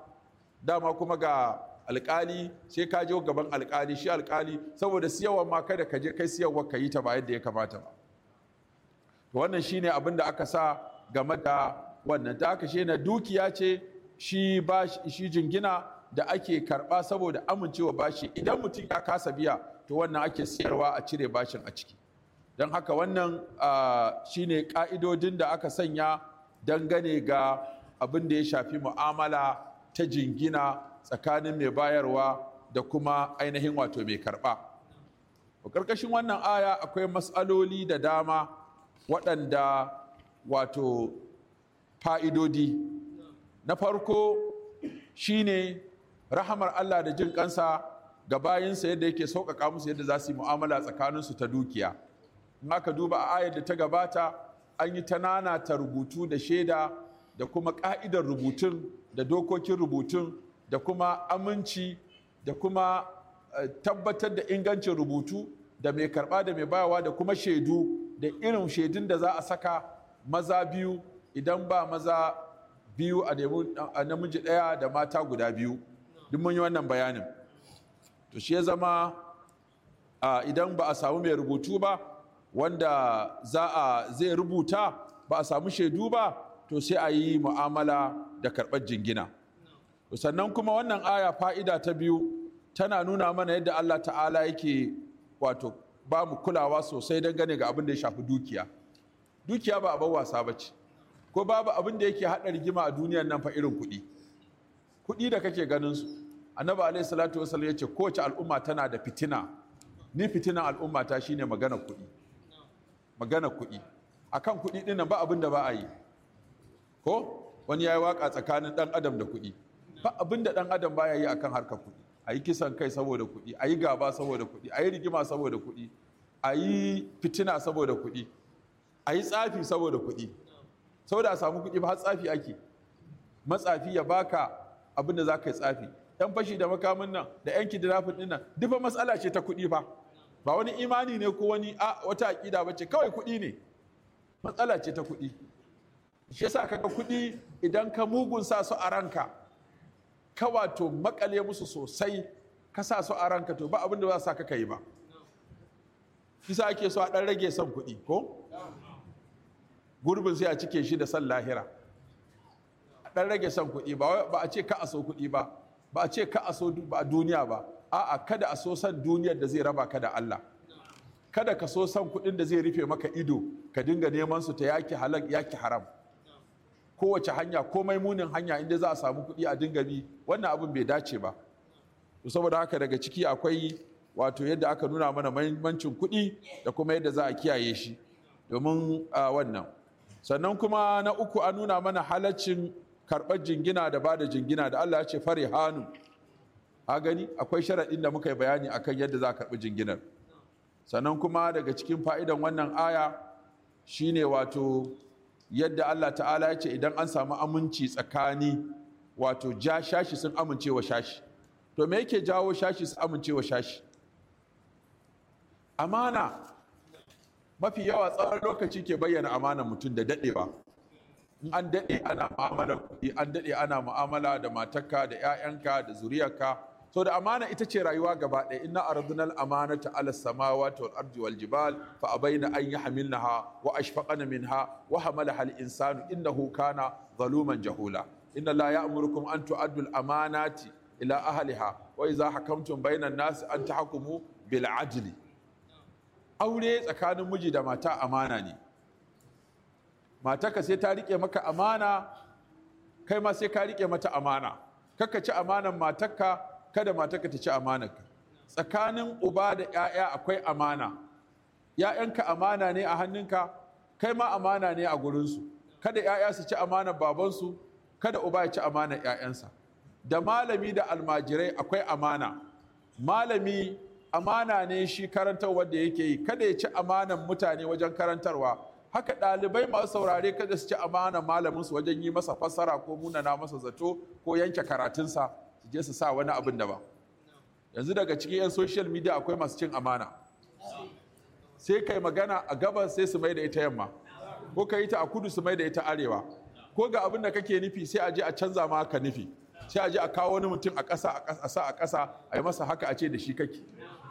dama kuma ga alkali sai ka je gaban alkali shi alkali saboda siyarwa ma kada ka je kai siyarwa ka yi ta ba yadda ya kamata ba to wannan shine abin da aka sa game da wannan ta aka shine dukiya ce shi ba shi jingina da ake karba saboda amincewa bashi idan mutum ya kasa biya to wannan ake siyarwa a cire bashin a ciki don haka wannan shine ƙa'idodin da aka sanya dangane ga abin da ya shafi mu'amala ta jingina tsakanin mai bayarwa da kuma ainihin wato mai karɓa. a ƙarƙashin wannan aya akwai matsaloli da dama waɗanda wato fa'idodi na farko shine rahamar Allah da jin kansa ga bayinsa yadda yake sauƙaƙa musu yadda za su yi mu'amala tsakaninsu ta dukiya. maka duba a ayar da ta gabata an yi ta nanata rubutu da shaida da kuma ka'idar rubutun da dokokin rubutun da kuma aminci da kuma eh, tabbatar da ingancin rubutu da mai karba da mai bayawa da kuma shaidu da irin shaidun da za a saka maza biyu idan ba maza biyu a namiji ɗaya da mata guda biyu duk mun yi wannan bayanin to shi ya zama ah, idan ba a samu mai rubutu ba wanda za a zai rubuta ba a samu shaidu ba to sai a yi mu'amala da karɓar jingina sannan kuma wannan aya fa'ida ta biyu tana nuna mana yadda Allah ta'ala yake wato ba mu kulawa sosai don gane ga abin da ya shafi dukiya dukiya ba abin wasa ba ce ko babu abin da yake haɗa rigima a duniyar nan fa irin kuɗi kuɗi da kake ganin su annabi alaihi salatu wasallam ya ce kowace al'umma tana da fitina ni fitinan al'umma ta shine magana kuɗi magana kuɗi A kan kuɗi ɗin nan ba abin da ba a yi ko wani ya yi waƙa tsakanin ɗan adam da kuɗi ba abin da ɗan adam ba ya yi a kan harkar kuɗi a yi kisan kai saboda kuɗi a yi gaba saboda kuɗi a yi rigima saboda kuɗi a yi fitina saboda kuɗi a yi tsafi saboda kuɗi saboda a samu kuɗi ba har tsafi ake matsafi ya baka abin da za ka yi tsafi yan fashi da makamin nan da yan kidnapping ɗin nan duk matsala ce ta kuɗi ba. ba wani imani ne ko wani a ah, wata aƙida ba ce kawai kuɗi ne matsala ce ta kuɗi shi yasa kaga kuɗi idan ka mugun sa su a ranka ka wato makale musu sosai ka sa su a ranka to ba abin da za sa ka kai ba kisa ake so a ɗan rage son kuɗi ko gurbin sai a cike shi da son lahira a ɗan rage son kuɗi ba a ce ka a so kuɗi ba ba a ce ka a so ba a duniya ba a'a kada a so san duniyar da zai raba ka da Allah kada ka so san kuɗin da zai rufe maka ido ka dinga neman su ta yaki halal yaki haram kowace hanya komai munin hanya inda za a samu kuɗi a dinga bi wannan abin bai dace ba saboda haka daga ciki akwai wato yadda aka nuna mana mahimmancin kuɗi da kuma yadda za a kiyaye shi domin wannan sannan kuma na uku an nuna mana halaccin karɓar jingina da bada jingina da Allah ya ce fari hannu a gani akwai sharaɗin da muka yi bayani akan yadda za a karɓi jinginar sannan kuma daga cikin fa'idan wannan aya shine wato yadda Allah ta'ala ya ce idan an samu aminci tsakani wato ja shashi sun amince wa shashi to me yake jawo shashi sun amince wa shashi amana mafi yawa tsawon lokaci ke bayyana amana mutum da daɗe ana an daɗe ana mu'amala da matarka da 'ya'yanka da zuriyarka so da amana ita ce rayuwa gaba ɗaya inna aradunal amanata ala samawati wal ardi wal jibal fa abaina an yahmilnaha wa ashfaqana minha wa hamalaha al insanu innahu kana zaluman jahula inna la ya'murukum an tu'addu al amanati ila ahliha wa idza hakamtum bayna an nas an tahkumu bil adli aure tsakanin miji da mata amana ne ka sai ta rike maka amana kai ma sai ka rike mata amana kakka ci amanan matarka kada matarka ta ci amanarka tsakanin uba da 'ya'ya akwai amana 'ya'yanka amana ne a hannunka kai ma amana ne a gurinsu kada 'ya'ya su ci amanar babansu kada uba ya ci amanar 'ya'yansa da malami da almajirai akwai amana malami amana ne shi karantarwa da yake yi kada ya ci amanar mutane wajen karantarwa haka ɗalibai masu saurare kada su ci amanar malaminsu wajen yi masa fassara ko munana masa zato ko yanke karatunsa je su sa wani abin da ba yanzu daga cikin 'yan social media akwai masu cin amana sai kai magana a gabas sai su mai da ita yamma ko ka yi ta a kudu su mai da ita arewa ko ga abin da kake nufi sai a je a canza ma ka nufi sai a je a kawo wani mutum a ƙasa a sa a ƙasa a yi masa haka a ce da shi kake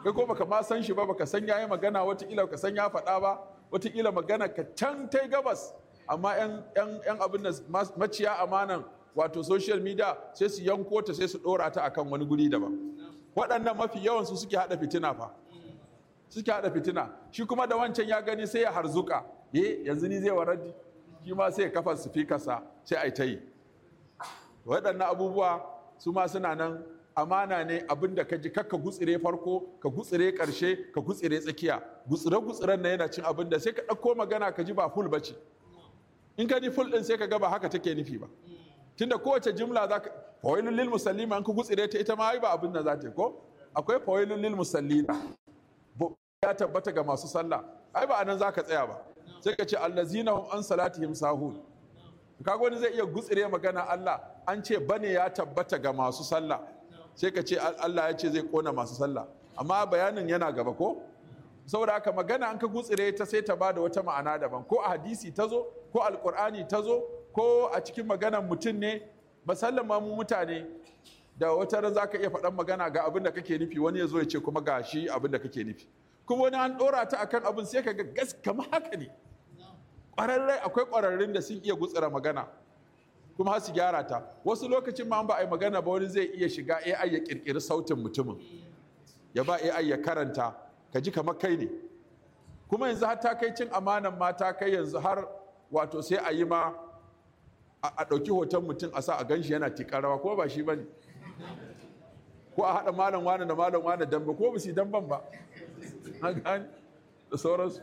kai ko baka ma san shi ba baka san yayi magana watakila ka san ya faɗa ba watakila magana ka can tai gabas amma 'yan abin da maciya amanan wato social media sai su yanko ta sai su dora ta akan wani guri daban waɗannan mafi yawan su suke hada fitina fa suke hada fitina shi kuma da wancan ya gani sai ya harzuka eh yanzu ni zai waradi shi ma sai fika sa sai ai ta yi waɗannan abubuwa su ma suna nan amana ne abinda ka ji kakka gutsire farko ka gutsire karshe ka gutsire tsakiya gutsire gutsiren na yana cin abin da sai ka ɗauko magana ka ji ba ful bace. in ka ji ful ɗin sai ka ga ba haka take nufi ba tunda kowace jimla, za ka fawailun lil musallima an ku gutsire ta ita ma ba abin da za ta ko akwai fawailun lil musallina ya tabbata ga masu sallah ai ba anan za ka tsaya ba sai ka ce allazina hum an salatihim sahun kaga wani zai iya gutsire magana Allah an ce bane ya tabbata ga masu sallah sai ka ce Allah ya ce zai kona masu sallah amma bayanin yana gaba ko saboda haka magana an ka gutsire ta sai ta bada wata ma'ana daban ko a hadisi ta zo ko alkur'ani ta zo ko a cikin maganan mutum ne masallin mamu mutane da wata ran za ka iya faɗan magana ga abin da kake nufi wani ya zo ya ce kuma ga shi abin da kake nufi kuma wani an ɗora ta akan abin sai ka ga gas haka ne ƙwararrai akwai ƙwararrun da sun iya gutsura magana kuma har su gyara ta wasu lokacin ma ba a yi magana ba wani zai iya shiga AI ya ƙirƙiri sautin mutumin ya ba AI ya karanta ka ji kamar kai ne kuma yanzu har ta kai cin amanan ma ta kai yanzu har wato sai a yi ma a ɗauki hoton mutum a sa a gan shi yana tikarawa ko ba shi ba ne ko a haɗa malam wane da malam wane damba ko ba su damban ba an gani da sauransu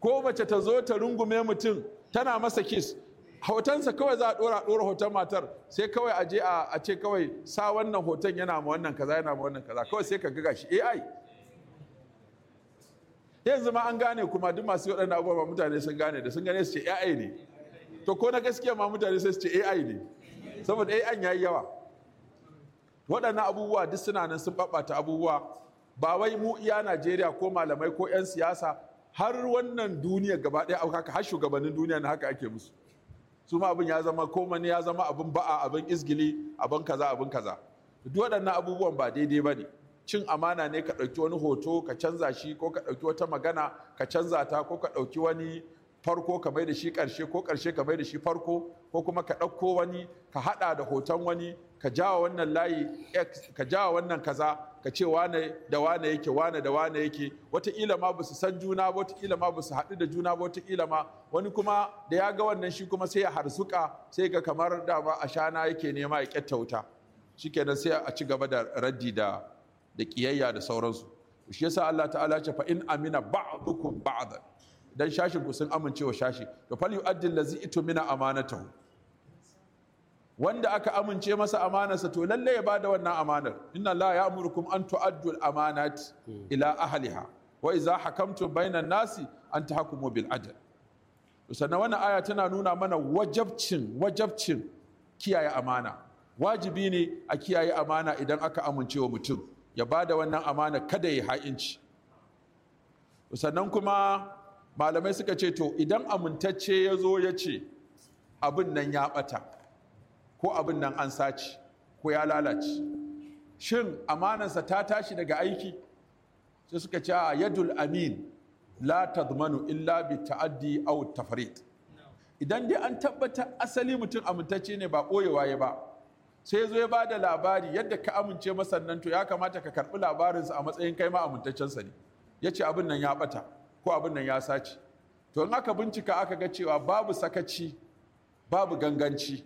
ko mace ta zo ta rungume mutum tana masa kiss hotonsa kawai za a ɗora ɗora hoton matar sai kawai a je a ce kawai sa wannan hoton yana ma wannan kaza yana ma wannan kaza kawai sai ka ga shi ai yanzu ma an gane kuma duk masu waɗannan abubuwa mutane sun gane da sun gane su ce ai ne to ko na gaskiya ma mutane sai su ce ai ne saboda ai ya yi yawa waɗannan abubuwa duk suna nan sun ɓaɓɓata abubuwa ba wai mu iya najeriya ko malamai ko 'yan siyasa har wannan duniya gaba ɗaya haka har shugabannin duniya na haka ake musu su ma abin ya zama komani ya zama abin ba'a abin izgili abin kaza abin kaza duk waɗannan abubuwan ba daidai ba ne cin amana ne ka ɗauki wani hoto ka canza shi ko ka ɗauki wata magana ka canza ta ko ka ɗauki wani farko ka mai da shi ƙarshe ko ƙarshe ka mai da shi farko ko kuma ka ɗauko wani ka haɗa da hoton wani ka jawa wannan layi ka jawa wannan kaza ka ce wane da wane yake wane da wane yake wataƙila ma ba su san juna ba wataƙila ma ba su haɗu da juna ba wataƙila ma wani kuma da ya ga wannan shi kuma sai ya harsuka sai ga kamar dama a shana yake nema ya ƙyatta wuta shikenan sai a ci gaba da raddi da da ƙiyayya da sauransu shi yasa Allah ta'ala ce fa in amina ba'dukum ba'dan dan shashin ku sun amincewa shashi to fal yu'addil ladzi itumina amanatahu wanda aka amince masa amanarsa to lalle ya bada wannan amanar inna la ya'murukum an tu'addu amanat ila ahliha wa idza hakamtum bainan nasi an tahkumu bil adl sannan wannan aya tana nuna mana wajabcin wajabcin kiyaye amana wajibi ne a kiyaye amana idan aka amince wa mutum ya bada wannan amana kada ya ha'inci sannan kuma malamai suka ce to idan amintacce ya zo ya ce abin nan ya bata, ko abin nan an sace ko ya lalace shin amanansa ta tashi daga aiki sai suka ce a yadul amin la tadmanu illa bi ta'addi aw tafrit idan dai an tabbata asali mutum amintacce ne ba koyewa ya ba sai zo ya ba da labari yadda ka amince masa nan to ya kamata ka karɓi labarinsa a matsayin kai ma amintaccensa ne ya ce abin nan ya bata. ko abin nan ya sace to in aka bincika aka ga cewa babu sakaci babu ganganci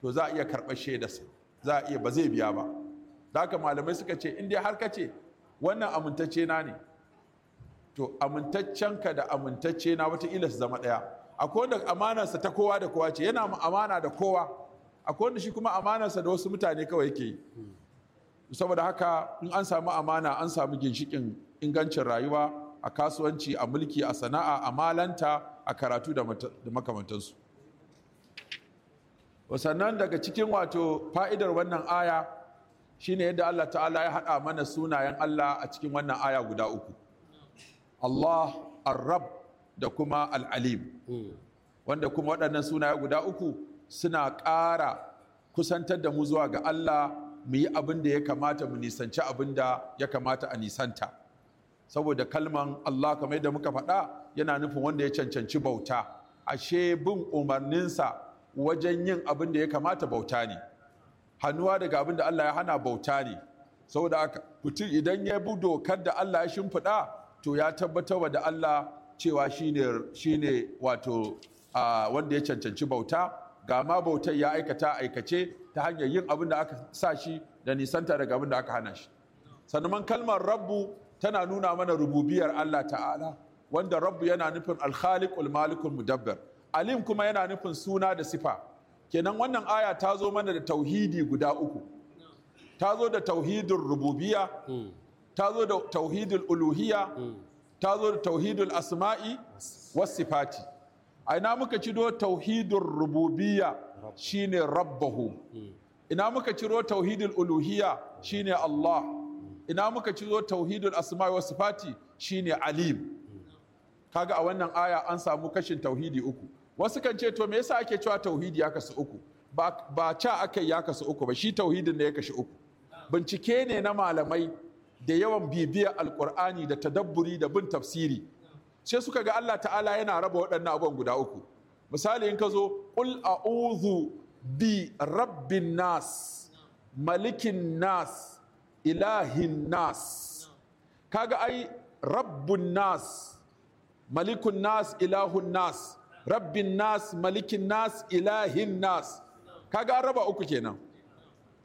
to za a iya karɓar shaidarsa za a iya ba zai biya ba da haka malamai suka ce in dai har ka ce wannan amintacce na ne to amintaccenka da amintacce na wataƙila su zama ɗaya akwai wanda amanarsa ta kowa da kowa ce yana amana da kowa akwai wanda shi kuma amanarsa da wasu mutane kawai yake yi saboda haka in an samu amana an samu ginshikin ingancin rayuwa a kasuwanci a mulki a sana'a a malanta a karatu da makamantansu sannan daga cikin wato fa'idar wannan aya shine yadda Allah ta'ala ya haɗa mana sunayen Allah a cikin wannan aya guda uku Allah Ar-Rab da kuma Al'alim wanda kuma waɗannan sunaye guda uku suna ƙara kusantar da mu zuwa ga Allah mu yi abin da ya kamata mu nisanci abin da ya kamata a nisanta saboda kalman Allah kamar yadda muka faɗa yana nufin wanda ya cancanci bauta ashe bin umarninsa wajen yin abin da ya kamata bauta ne hannuwa daga abin da Allah ya hana bauta ne saboda aka, mutum idan ya bi dokar da Allah ya shimfiɗa to ya tabbatar da Allah cewa shine shine wato wanda ya cancanci bauta ga ma bautar ya aikata aikace ta hanyar yin abin da aka sa shi da nisanta daga abin da aka hana shi sannan kalmar rabbu tana nuna mana rububiyar Allah ta'ala wanda rabbu yana nufin alkhalikul malikul mudabbar alim kuma yana nufin suna da sifa kenan wannan aya ta zo mana da tauhidi guda uku ta zo da tauhidul rububiya, ta zo da tauhidul uluhiya, ta zo da tauhidul asma'i was sifati ina muka cido tauhidul rububiya shine rabbahu ina muka ciro tauhidul uluhiya shine Allah ina muka cizo tauhidul asma'i was sifati shine alim kaga a wannan aya an samu kashin tauhidi uku wasu kan ce to me yasa ake cewa tauhidi ya kasu uku ba ba ca akai ya kasu uku ba shi tauhidin ne ya kashi uku bincike ne na malamai da yawan bibiyar alkur'ani da tadabburi da bin tafsiri sai suka ga Allah ta'ala yana raba waɗannan abubuwan guda uku misali in ka zo ƙul a'udhu bi rabbin nas malikin nas ilahin nas kaga ai rabbun nas malikun nas ilahun nas rabbin nas malikin nas ilahin nas kaga raba uku kenan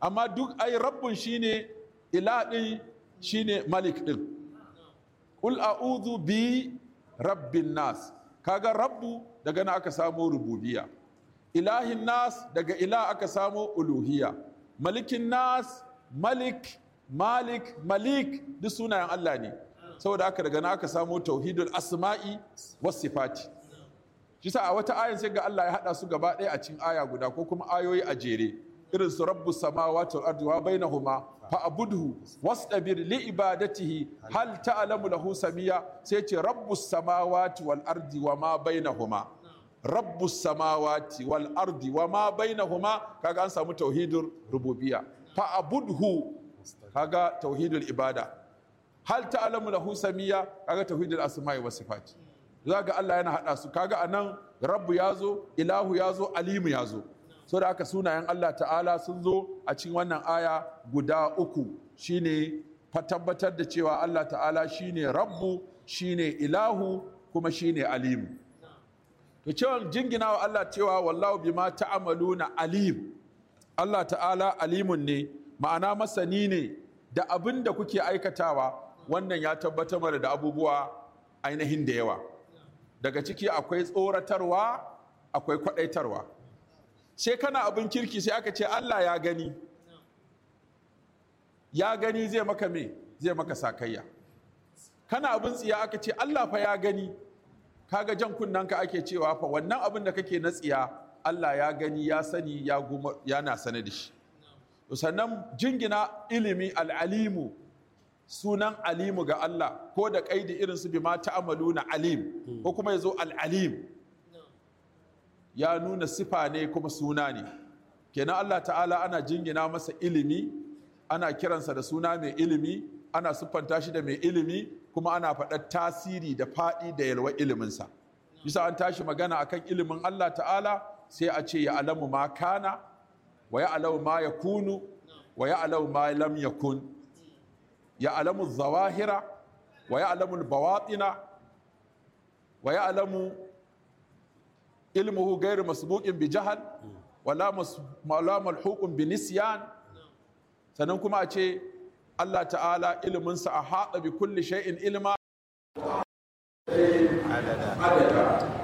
amma duk ai rabbun shine ila din shine malik din qul a'udhu bi rabbin nas kaga rabbu daga na aka samo rububiya ilahin nas daga ila aka samo uluhiya malikin nas malik malik malik duk sunayen Allah ne saboda aka daga na aka samo tauhidul asma'i was sifati shi sa a wata ayan sai ga Allah ya hada su gaba ɗaya a cikin aya guda ko kuma ayoyi a jere irin su rabbu samawati wal ardi wa bainahuma fa abudhu wastabir li ibadatihi hal ta'lamu lahu samia sai ce rabbus samawati wal ardi wa ma bainahuma rabbus samawati wal ardi wa ma bainahuma kaga an samu tauhidur rububiyya fa abudhu kaga tauhidul ibada hal ta'lamu lahu samiya kaga tauhidul asma'i was sifat zaga Allah yana hada su kaga anan rabbu yazo ilahu yazo alimu yazo so da haka sunayen Allah ta'ala sun zo a cikin wannan aya guda uku shine fa tabbatar da cewa Allah ta'ala shine rabbu shine ilahu kuma shine alimu to cewa jingina wa Allah cewa wallahu bima ta'amaluna alim Allah ta'ala alimun ne ma'ana masani ne da abin da kuke aikatawa wannan ya tabbatar mana da abubuwa ainihin da yawa daga ciki akwai tsoratarwa akwai kwadaitarwa sai kana abin kirki sai aka ce Allah ya gani ya gani zai maka me zai maka sakayya kana abin tsiya aka ce Allah fa ya gani kaga jan kunnen ka ake cewa fa wannan abin da kake na tsiya Allah ya gani ya sani ya yana sane da shi sannan jingina ilimi al'alimu sunan alimu ga Allah ko da kaidi irin su bima ta'amalu na alim ko kuma ya zo al'alim ya nuna sifa ne kuma suna ne kenan Allah ta'ala ana jingina masa ilimi ana kiransa da suna mai ilimi ana siffanta shi da mai ilimi kuma ana faɗa tasiri da faɗi da yalwa iliminsa bisa an tashi magana akan ilimin Allah ta'ala sai a ce ya alamu ma kana wa ya'lamu ma yakunu wa ya'lamu ma lam yakun ya'lamu adh-dhawahira wa ya'lamu al-bawatina wa ya'lamu ilmuhu ghayru wala sannan kuma a ce Allah ta'ala iliminsa a haɗa bi kulli shay'in ilma adada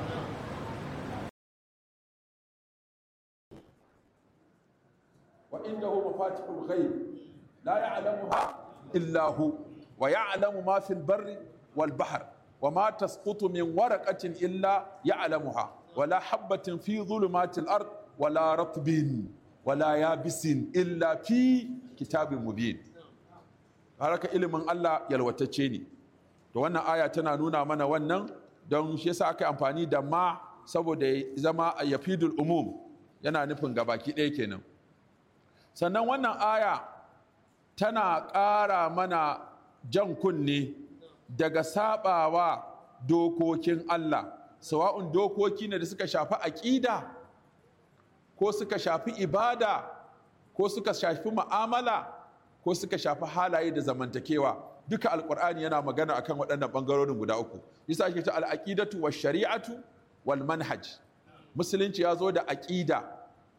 indahu mafatihul ghaib la ya'lamuha illa hu wa ya'lamu ma fil barri wal bahr wa ma tasqutu min waraqatin illa ya'lamuha wala habatin fi dhulumatil ard wala ratbin wala yabisin illa fi kitabin mubin haraka ilimin Allah yalwatacce ne to wannan aya tana nuna mana wannan don shi yasa aka amfani da ma saboda ya zama a yafidul umum yana nufin gabaki ɗaya kenan sannan wannan aya tana ƙara mana jan kunne daga saɓawa dokokin Allah sawa'un dokoki ne da suka shafi aƙida ko suka shafi ibada ko suka shafi mu'amala ko suka shafi halaye da zamantakewa duka alkur'ani yana magana akan waɗannan ɓangarorin guda uku yasa ake ce al'aqidatu wa shari'atu wal manhaj musulunci ya zo da aƙida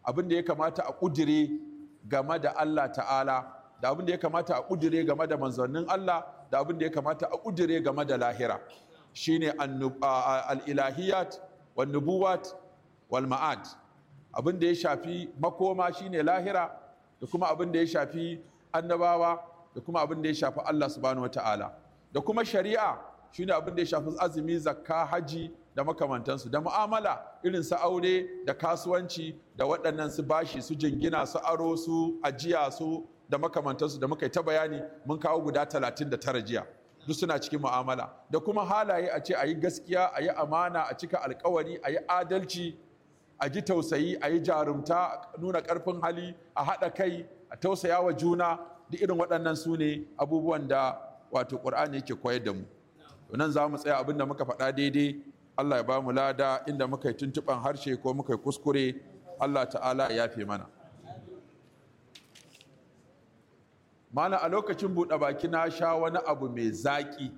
abin da ya kamata a ƙudire game da Allah ta'ala da abin da ya kamata a ƙudire game da manzannin Allah da abin da ya kamata a ƙudure game da lahira shine ne ilahiyat wal nubuwat wal ma'ad abin da ya shafi makoma shine lahira da kuma abin da ya shafi annabawa da kuma abin da ya shafi Allah subhanahu ta'ala da kuma shari'a shine abin da ya shafi azumi zakka haji da makamantansu da mu'amala irin su aure da kasuwanci da waɗannan su bashi su jingina su aro su ajiya su da makamantansu da muka yi ta bayani mun kawo guda talatin da tara jiya duk suna cikin mu'amala da kuma halaye a ce a yi gaskiya a yi amana a cika alkawari a yi adalci a ji tausayi a yi jarumta nuna karfin hali a haɗa kai a tausaya wa juna duk irin waɗannan su ne abubuwan da wato ƙur'ani yake koyar da mu nan za mu tsaya abin da muka faɗa daidai Allah ya ba mu lada inda muka yi tuntuɓan harshe ko muka yi kuskure Allah ta'ala ya yafe mana mana a lokacin buɗe baki na sha wani abu mai zaƙi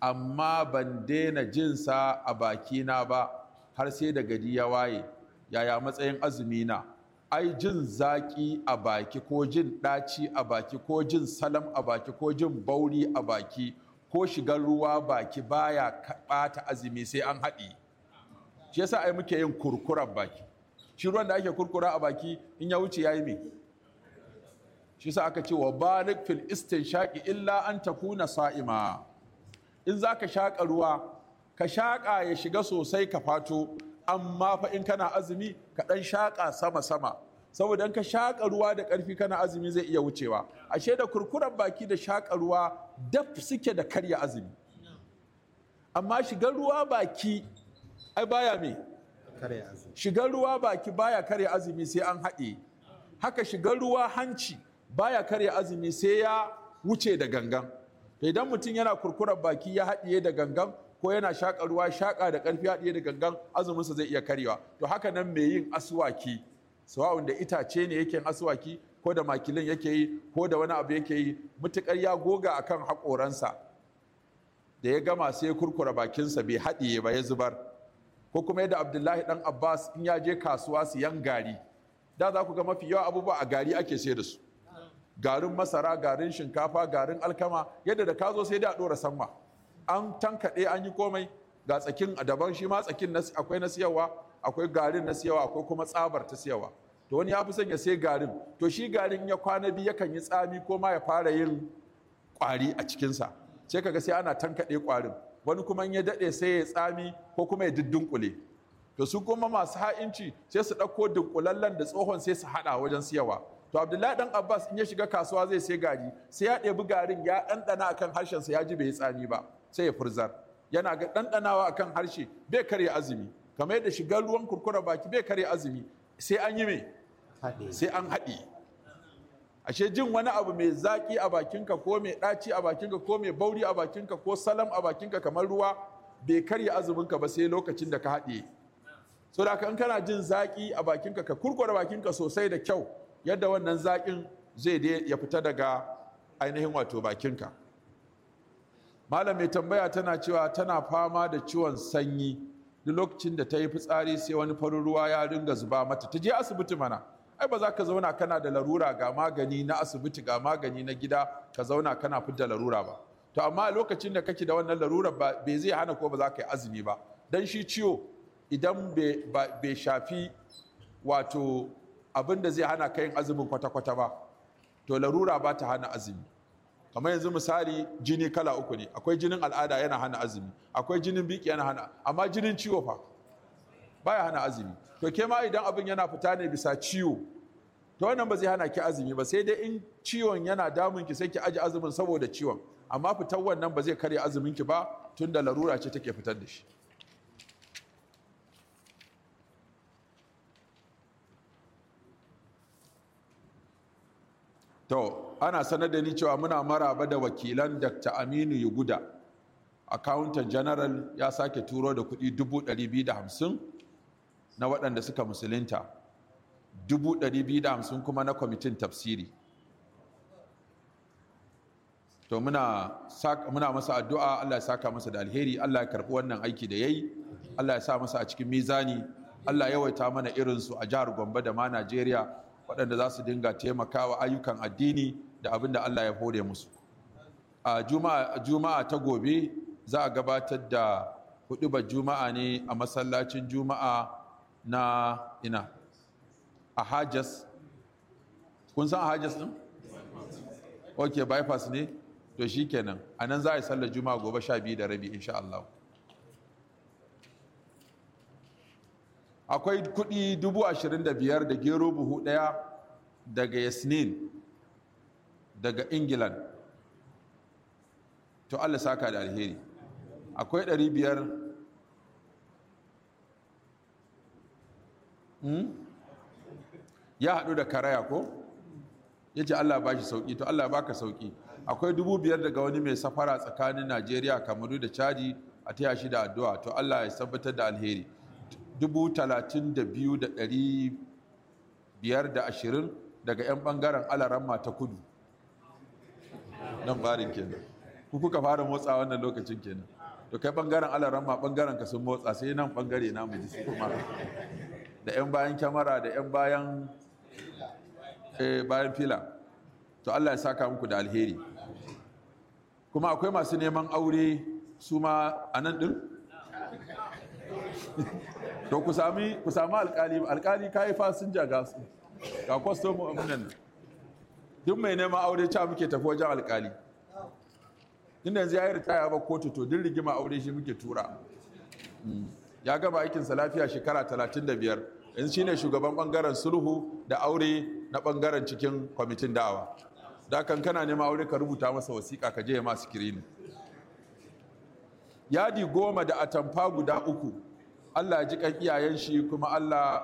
amma ban daina jinsa a baki na ba har sai da gadi ya waye yaya matsayin azumi na ai jin zaƙi a baki ko jin ɗaci a baki ko jin salam a baki ko jin bauri a baki ko shigar ruwa baki baya ɓata azumi sai an haɗi shi yasa ai muke yin kurkura baki shi ruwan da ake kurkura a baki in ya wuce yayi me shi yasa aka ce wa barik fil istinshaqi illa an takuna sa'ima in zaka shaka ruwa ka shaka ya shiga sosai ka fato amma fa in kana azumi ka dan shaka sama sama saboda ka shaƙa ruwa da ƙarfi kana azumi zai iya wucewa ashe da kurkuren baki da shaƙa ruwa daf suke da karya azumi amma shigar ruwa baki ai baya me shigar ruwa baki baya karya azumi sai an haɗe haka shigar ruwa hanci baya karya azumi sai ya wuce da gangan to idan mutum yana kurkuren baki ya haɗiye da gangan ko yana shaƙa ruwa shaƙa da ƙarfi haɗiye da gangan azuminsa zai iya karyewa to haka nan mai yin aswaki sawa'un da itace ne yake aswaki ko da makilin yake yi ko da wani abu yake yi mutukar ya goga a kan haƙoransa da ya gama sai ya kurkura bakinsa bai haɗiye ba ya zubar ko kuma yadda abdullahi dan abbas in ya je kasuwa yan gari da za ku ga mafi yawa abubuwa a gari ake sai da su garin masara garin shinkafa garin alkama yadda da ka zo sai da ɗora sanwa an tankaɗe an yi komai ga tsakin a daban shi ma tsakin akwai na siyarwa akwai garin na siyawa akwai kuma tsabar ta siyawa to wani ya fi son ya sai garin to shi garin ya kwana biyu yakan yi tsami ko ma ya fara yin kwari a cikinsa sai kaga sai ana tankaɗe kwarin wani kuma in ya daɗe sai ya tsami ko kuma ya diddunkule to su kuma masu ha'inci sai su ɗauko dunkulallen da tsohon sai su haɗa wajen siyawa to abdullahi dan abbas in ya shiga kasuwa zai sai gari sai ya ɗebi garin ya ɗanɗana akan sa ya ji bai yi tsami ba sai ya furzar yana ga ɗanɗanawa akan harshe bai karya azumi kamar yadda shigan ruwan kurkura baki bai kare azumi sai an yi me sai an haɗi ashe jin wani abu mai zaƙi a bakinka ko mai ɗaci a bakinka ko mai bauri a bakinka ko salam a bakinka kamar ruwa bai karya azuminka ba sai lokacin da ka haɗe so da kan kana jin zaƙi a bakinka ka kurkura bakinka sosai da kyau yadda wannan zaƙin zai dai ya fita daga ainihin wato bakinka malam mai tambaya tana cewa tana fama da ciwon sanyi duk lokacin da ta yi fitsari sai wani farin ruwa ya ringa zuba mata ta je asibiti mana ai ba za ka zauna kana da larura ga magani na asibiti ga magani na gida ka zauna kana fidda larura ba to amma lokacin da kake da wannan larura ba bai zai hana ko ba za ka yi azumi ba dan shi ciwo idan bai shafi wato abin da zai hana ka yin azumin kwata-kwata ba to larura ba ta hana azumi kamar yanzu misali jini kala uku ne akwai jinin al'ada yana hana azumi akwai jinin biki yana hana amma jinin ciwo fa baya hana azumi to ke ma idan abin yana fita ne bisa ciwo to wannan ba zai hana ki azumi ba sai dai in ciwon yana damun ki sai ki aji azumin saboda ciwon amma fitar wannan ba zai karya azumin ki ba tunda larura ce take fitar da shi to ana sanar da ni cewa muna maraba da wakilan dr aminu yuguda accountant general ya sake turo da kudi 250 na waɗanda suka musulunta 250 kuma na kwamitin tafsiri to muna masa addu'a Allah ya saka masa da alheri Allah ya karɓi wannan aiki da ya yi Allah ya sa masa a cikin mizani Allah ya yawaita mana irinsu a jihar Gombe da ma Najeriya waɗanda za su dinga taimakawa ayyukan addini da abin da Allah ya hore musu a juma'a ta gobe za a gabatar da hudubar juma'a ne a masallacin juma'a na ina a hajjas kun san hajjas ɗin? ok bypass ne to shi kenan a nan za a yi sallar juma'a gobe sha biyu da rabi insha Allah. akwai kuɗi dubu ashirin da biyar da gero buhu ɗaya daga yasnin daga ingilan to allah saka da alheri akwai ɗari biyar hmm? ya haɗu da karaya ko ya ce allah ba shi sauƙi to allah ba ka sauƙi akwai dubu biyar daga wani mai safara tsakanin najeriya kamaru da caji a taya shi da addu'a to allah ya tabbatar da alheri 32,520 daga 'yan ɓangaren Alarama ta kudu nan barin kenan ku kuka fara motsa wannan lokacin kenan to kai ɓangaren Alarama ɓangaren ka sun motsa sai nan ɓangare na mu ji kuma da 'yan bayan kyamara da 'yan bayan eh, bayan fila to Allah ya saka muku da alheri kuma akwai masu neman aure su ma a nan ɗin to ku sami ku sami alkali alkali kai fasinja ga su ga customer duk mai neman aure cha muke tafi wajen alkali din yanzu ya yi ritaya ba kotu to din rigima aure shi muke tura hmm. ya gaba sa lafiya shekara 35 yanzu shine shugaban bangaren sulhu da aure na bangaren cikin kwamitin da'awa da kan kana neman aure ka rubuta masa wasiƙa ka je ya masu kirini yadi goma da atamfa guda uku Allah ji kan iyayen shi kuma Allah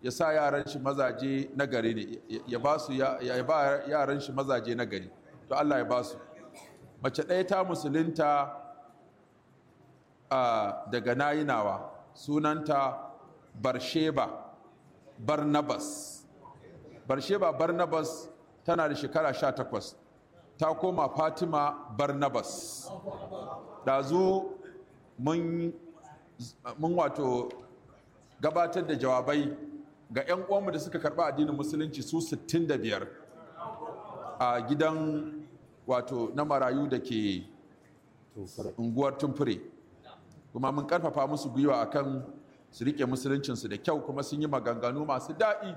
ya sa yaran shi mazaje na gari ne ya ba su ya ba yaran shi mazaje na gari to Allah ya ba su mace ɗaya ta musulunta daga nayinawa sunanta barsheba barnabas barsheba barnabas tana da shekara sha ta koma fatima barnabas ɗazu mun mun wato gabatar da jawabai ga 'yan uwanmu da suka karɓi addinin musulunci su 65 a gidan wato na marayu da ke unguwar tumfure kuma mun karfafa musu gwiwa akan su rike musuluncinsu da kyau kuma sun yi maganganu masu daɗi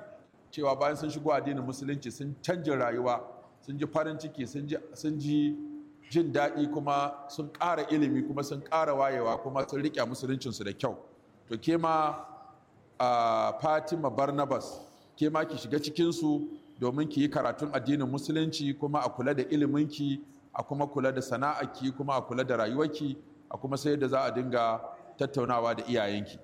cewa bayan sun shigo addinin musulunci sun canjin rayuwa sun ji farin ciki sun ji jin daɗi kuma sun ƙara ilimi kuma sun ƙara wayewa kuma sun riƙe musuluncinsu da kyau to ke ma fatima barnabas ke ma ki shiga cikinsu domin ki yi karatun addinin musulunci kuma a kula da iliminki a kuma kula da sana'arki kuma a kula da rayuwarki a kuma sai da za a dinga tattaunawa da iyayenki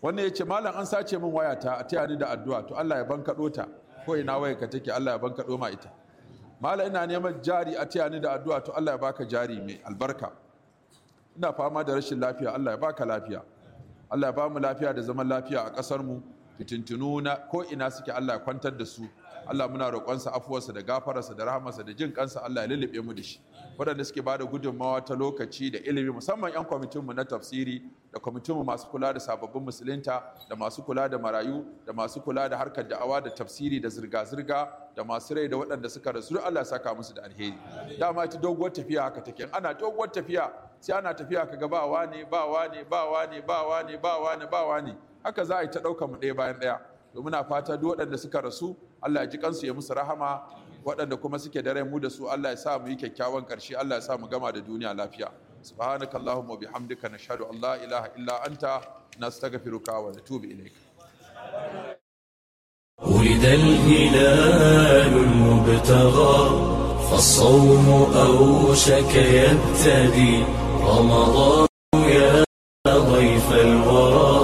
wannan ya ce malam an sace min wayata a taya ni da addu'a to allah ya banka ta ko ina wayarka take allah ya bankaɗo ma ita mala ina neman jari a taya ni da addu'a to Allah ya baka jari mai albarka ina fama da rashin lafiya Allah ya baka lafiya Allah ya ba mu lafiya da zaman lafiya a ƙasar mu fitintunu na ko ina suke Allah ya kwantar da su Allah muna roƙonsa afuwarsa da gafararsa da rahamarsa da jin kansa Allah ya lullube mu da shi waɗanda suke bada gudummawa ta lokaci da ilimi musamman yan kwamitin mu na tafsiri da kwamitin mu masu kula da sababbin musulunta da masu kula da marayu da masu kula da harkar da'awa da tafsiri da zirga zirga da masu rai da waɗanda suka rasu Allah ya saka musu da alheri dama ita doguwar tafiya haka take ana doguwar tafiya sai ana tafiya kaga ba wane ba wane ba wane ba wane ba wane ba wane haka za a yi ta ɗaukar mu ɗaya bayan ɗaya to muna fata duk waɗanda suka rasu Allah ya ji kansu ya musu rahama waɗanda kuma suke da rai mu da su Allah ya sa mu yi kyakkyawan ƙarshe Allah ya sa mu gama da duniya lafiya subhanakallahumma wa bihamdika nashhadu an la ilaha illa anta nastaghfiruka wa natubu ilayk ولد الهلال المبتغى فالصوم أوشك يبتدي رمضان يا ضيف الورى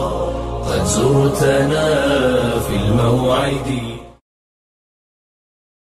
قد زرتنا By Almighty.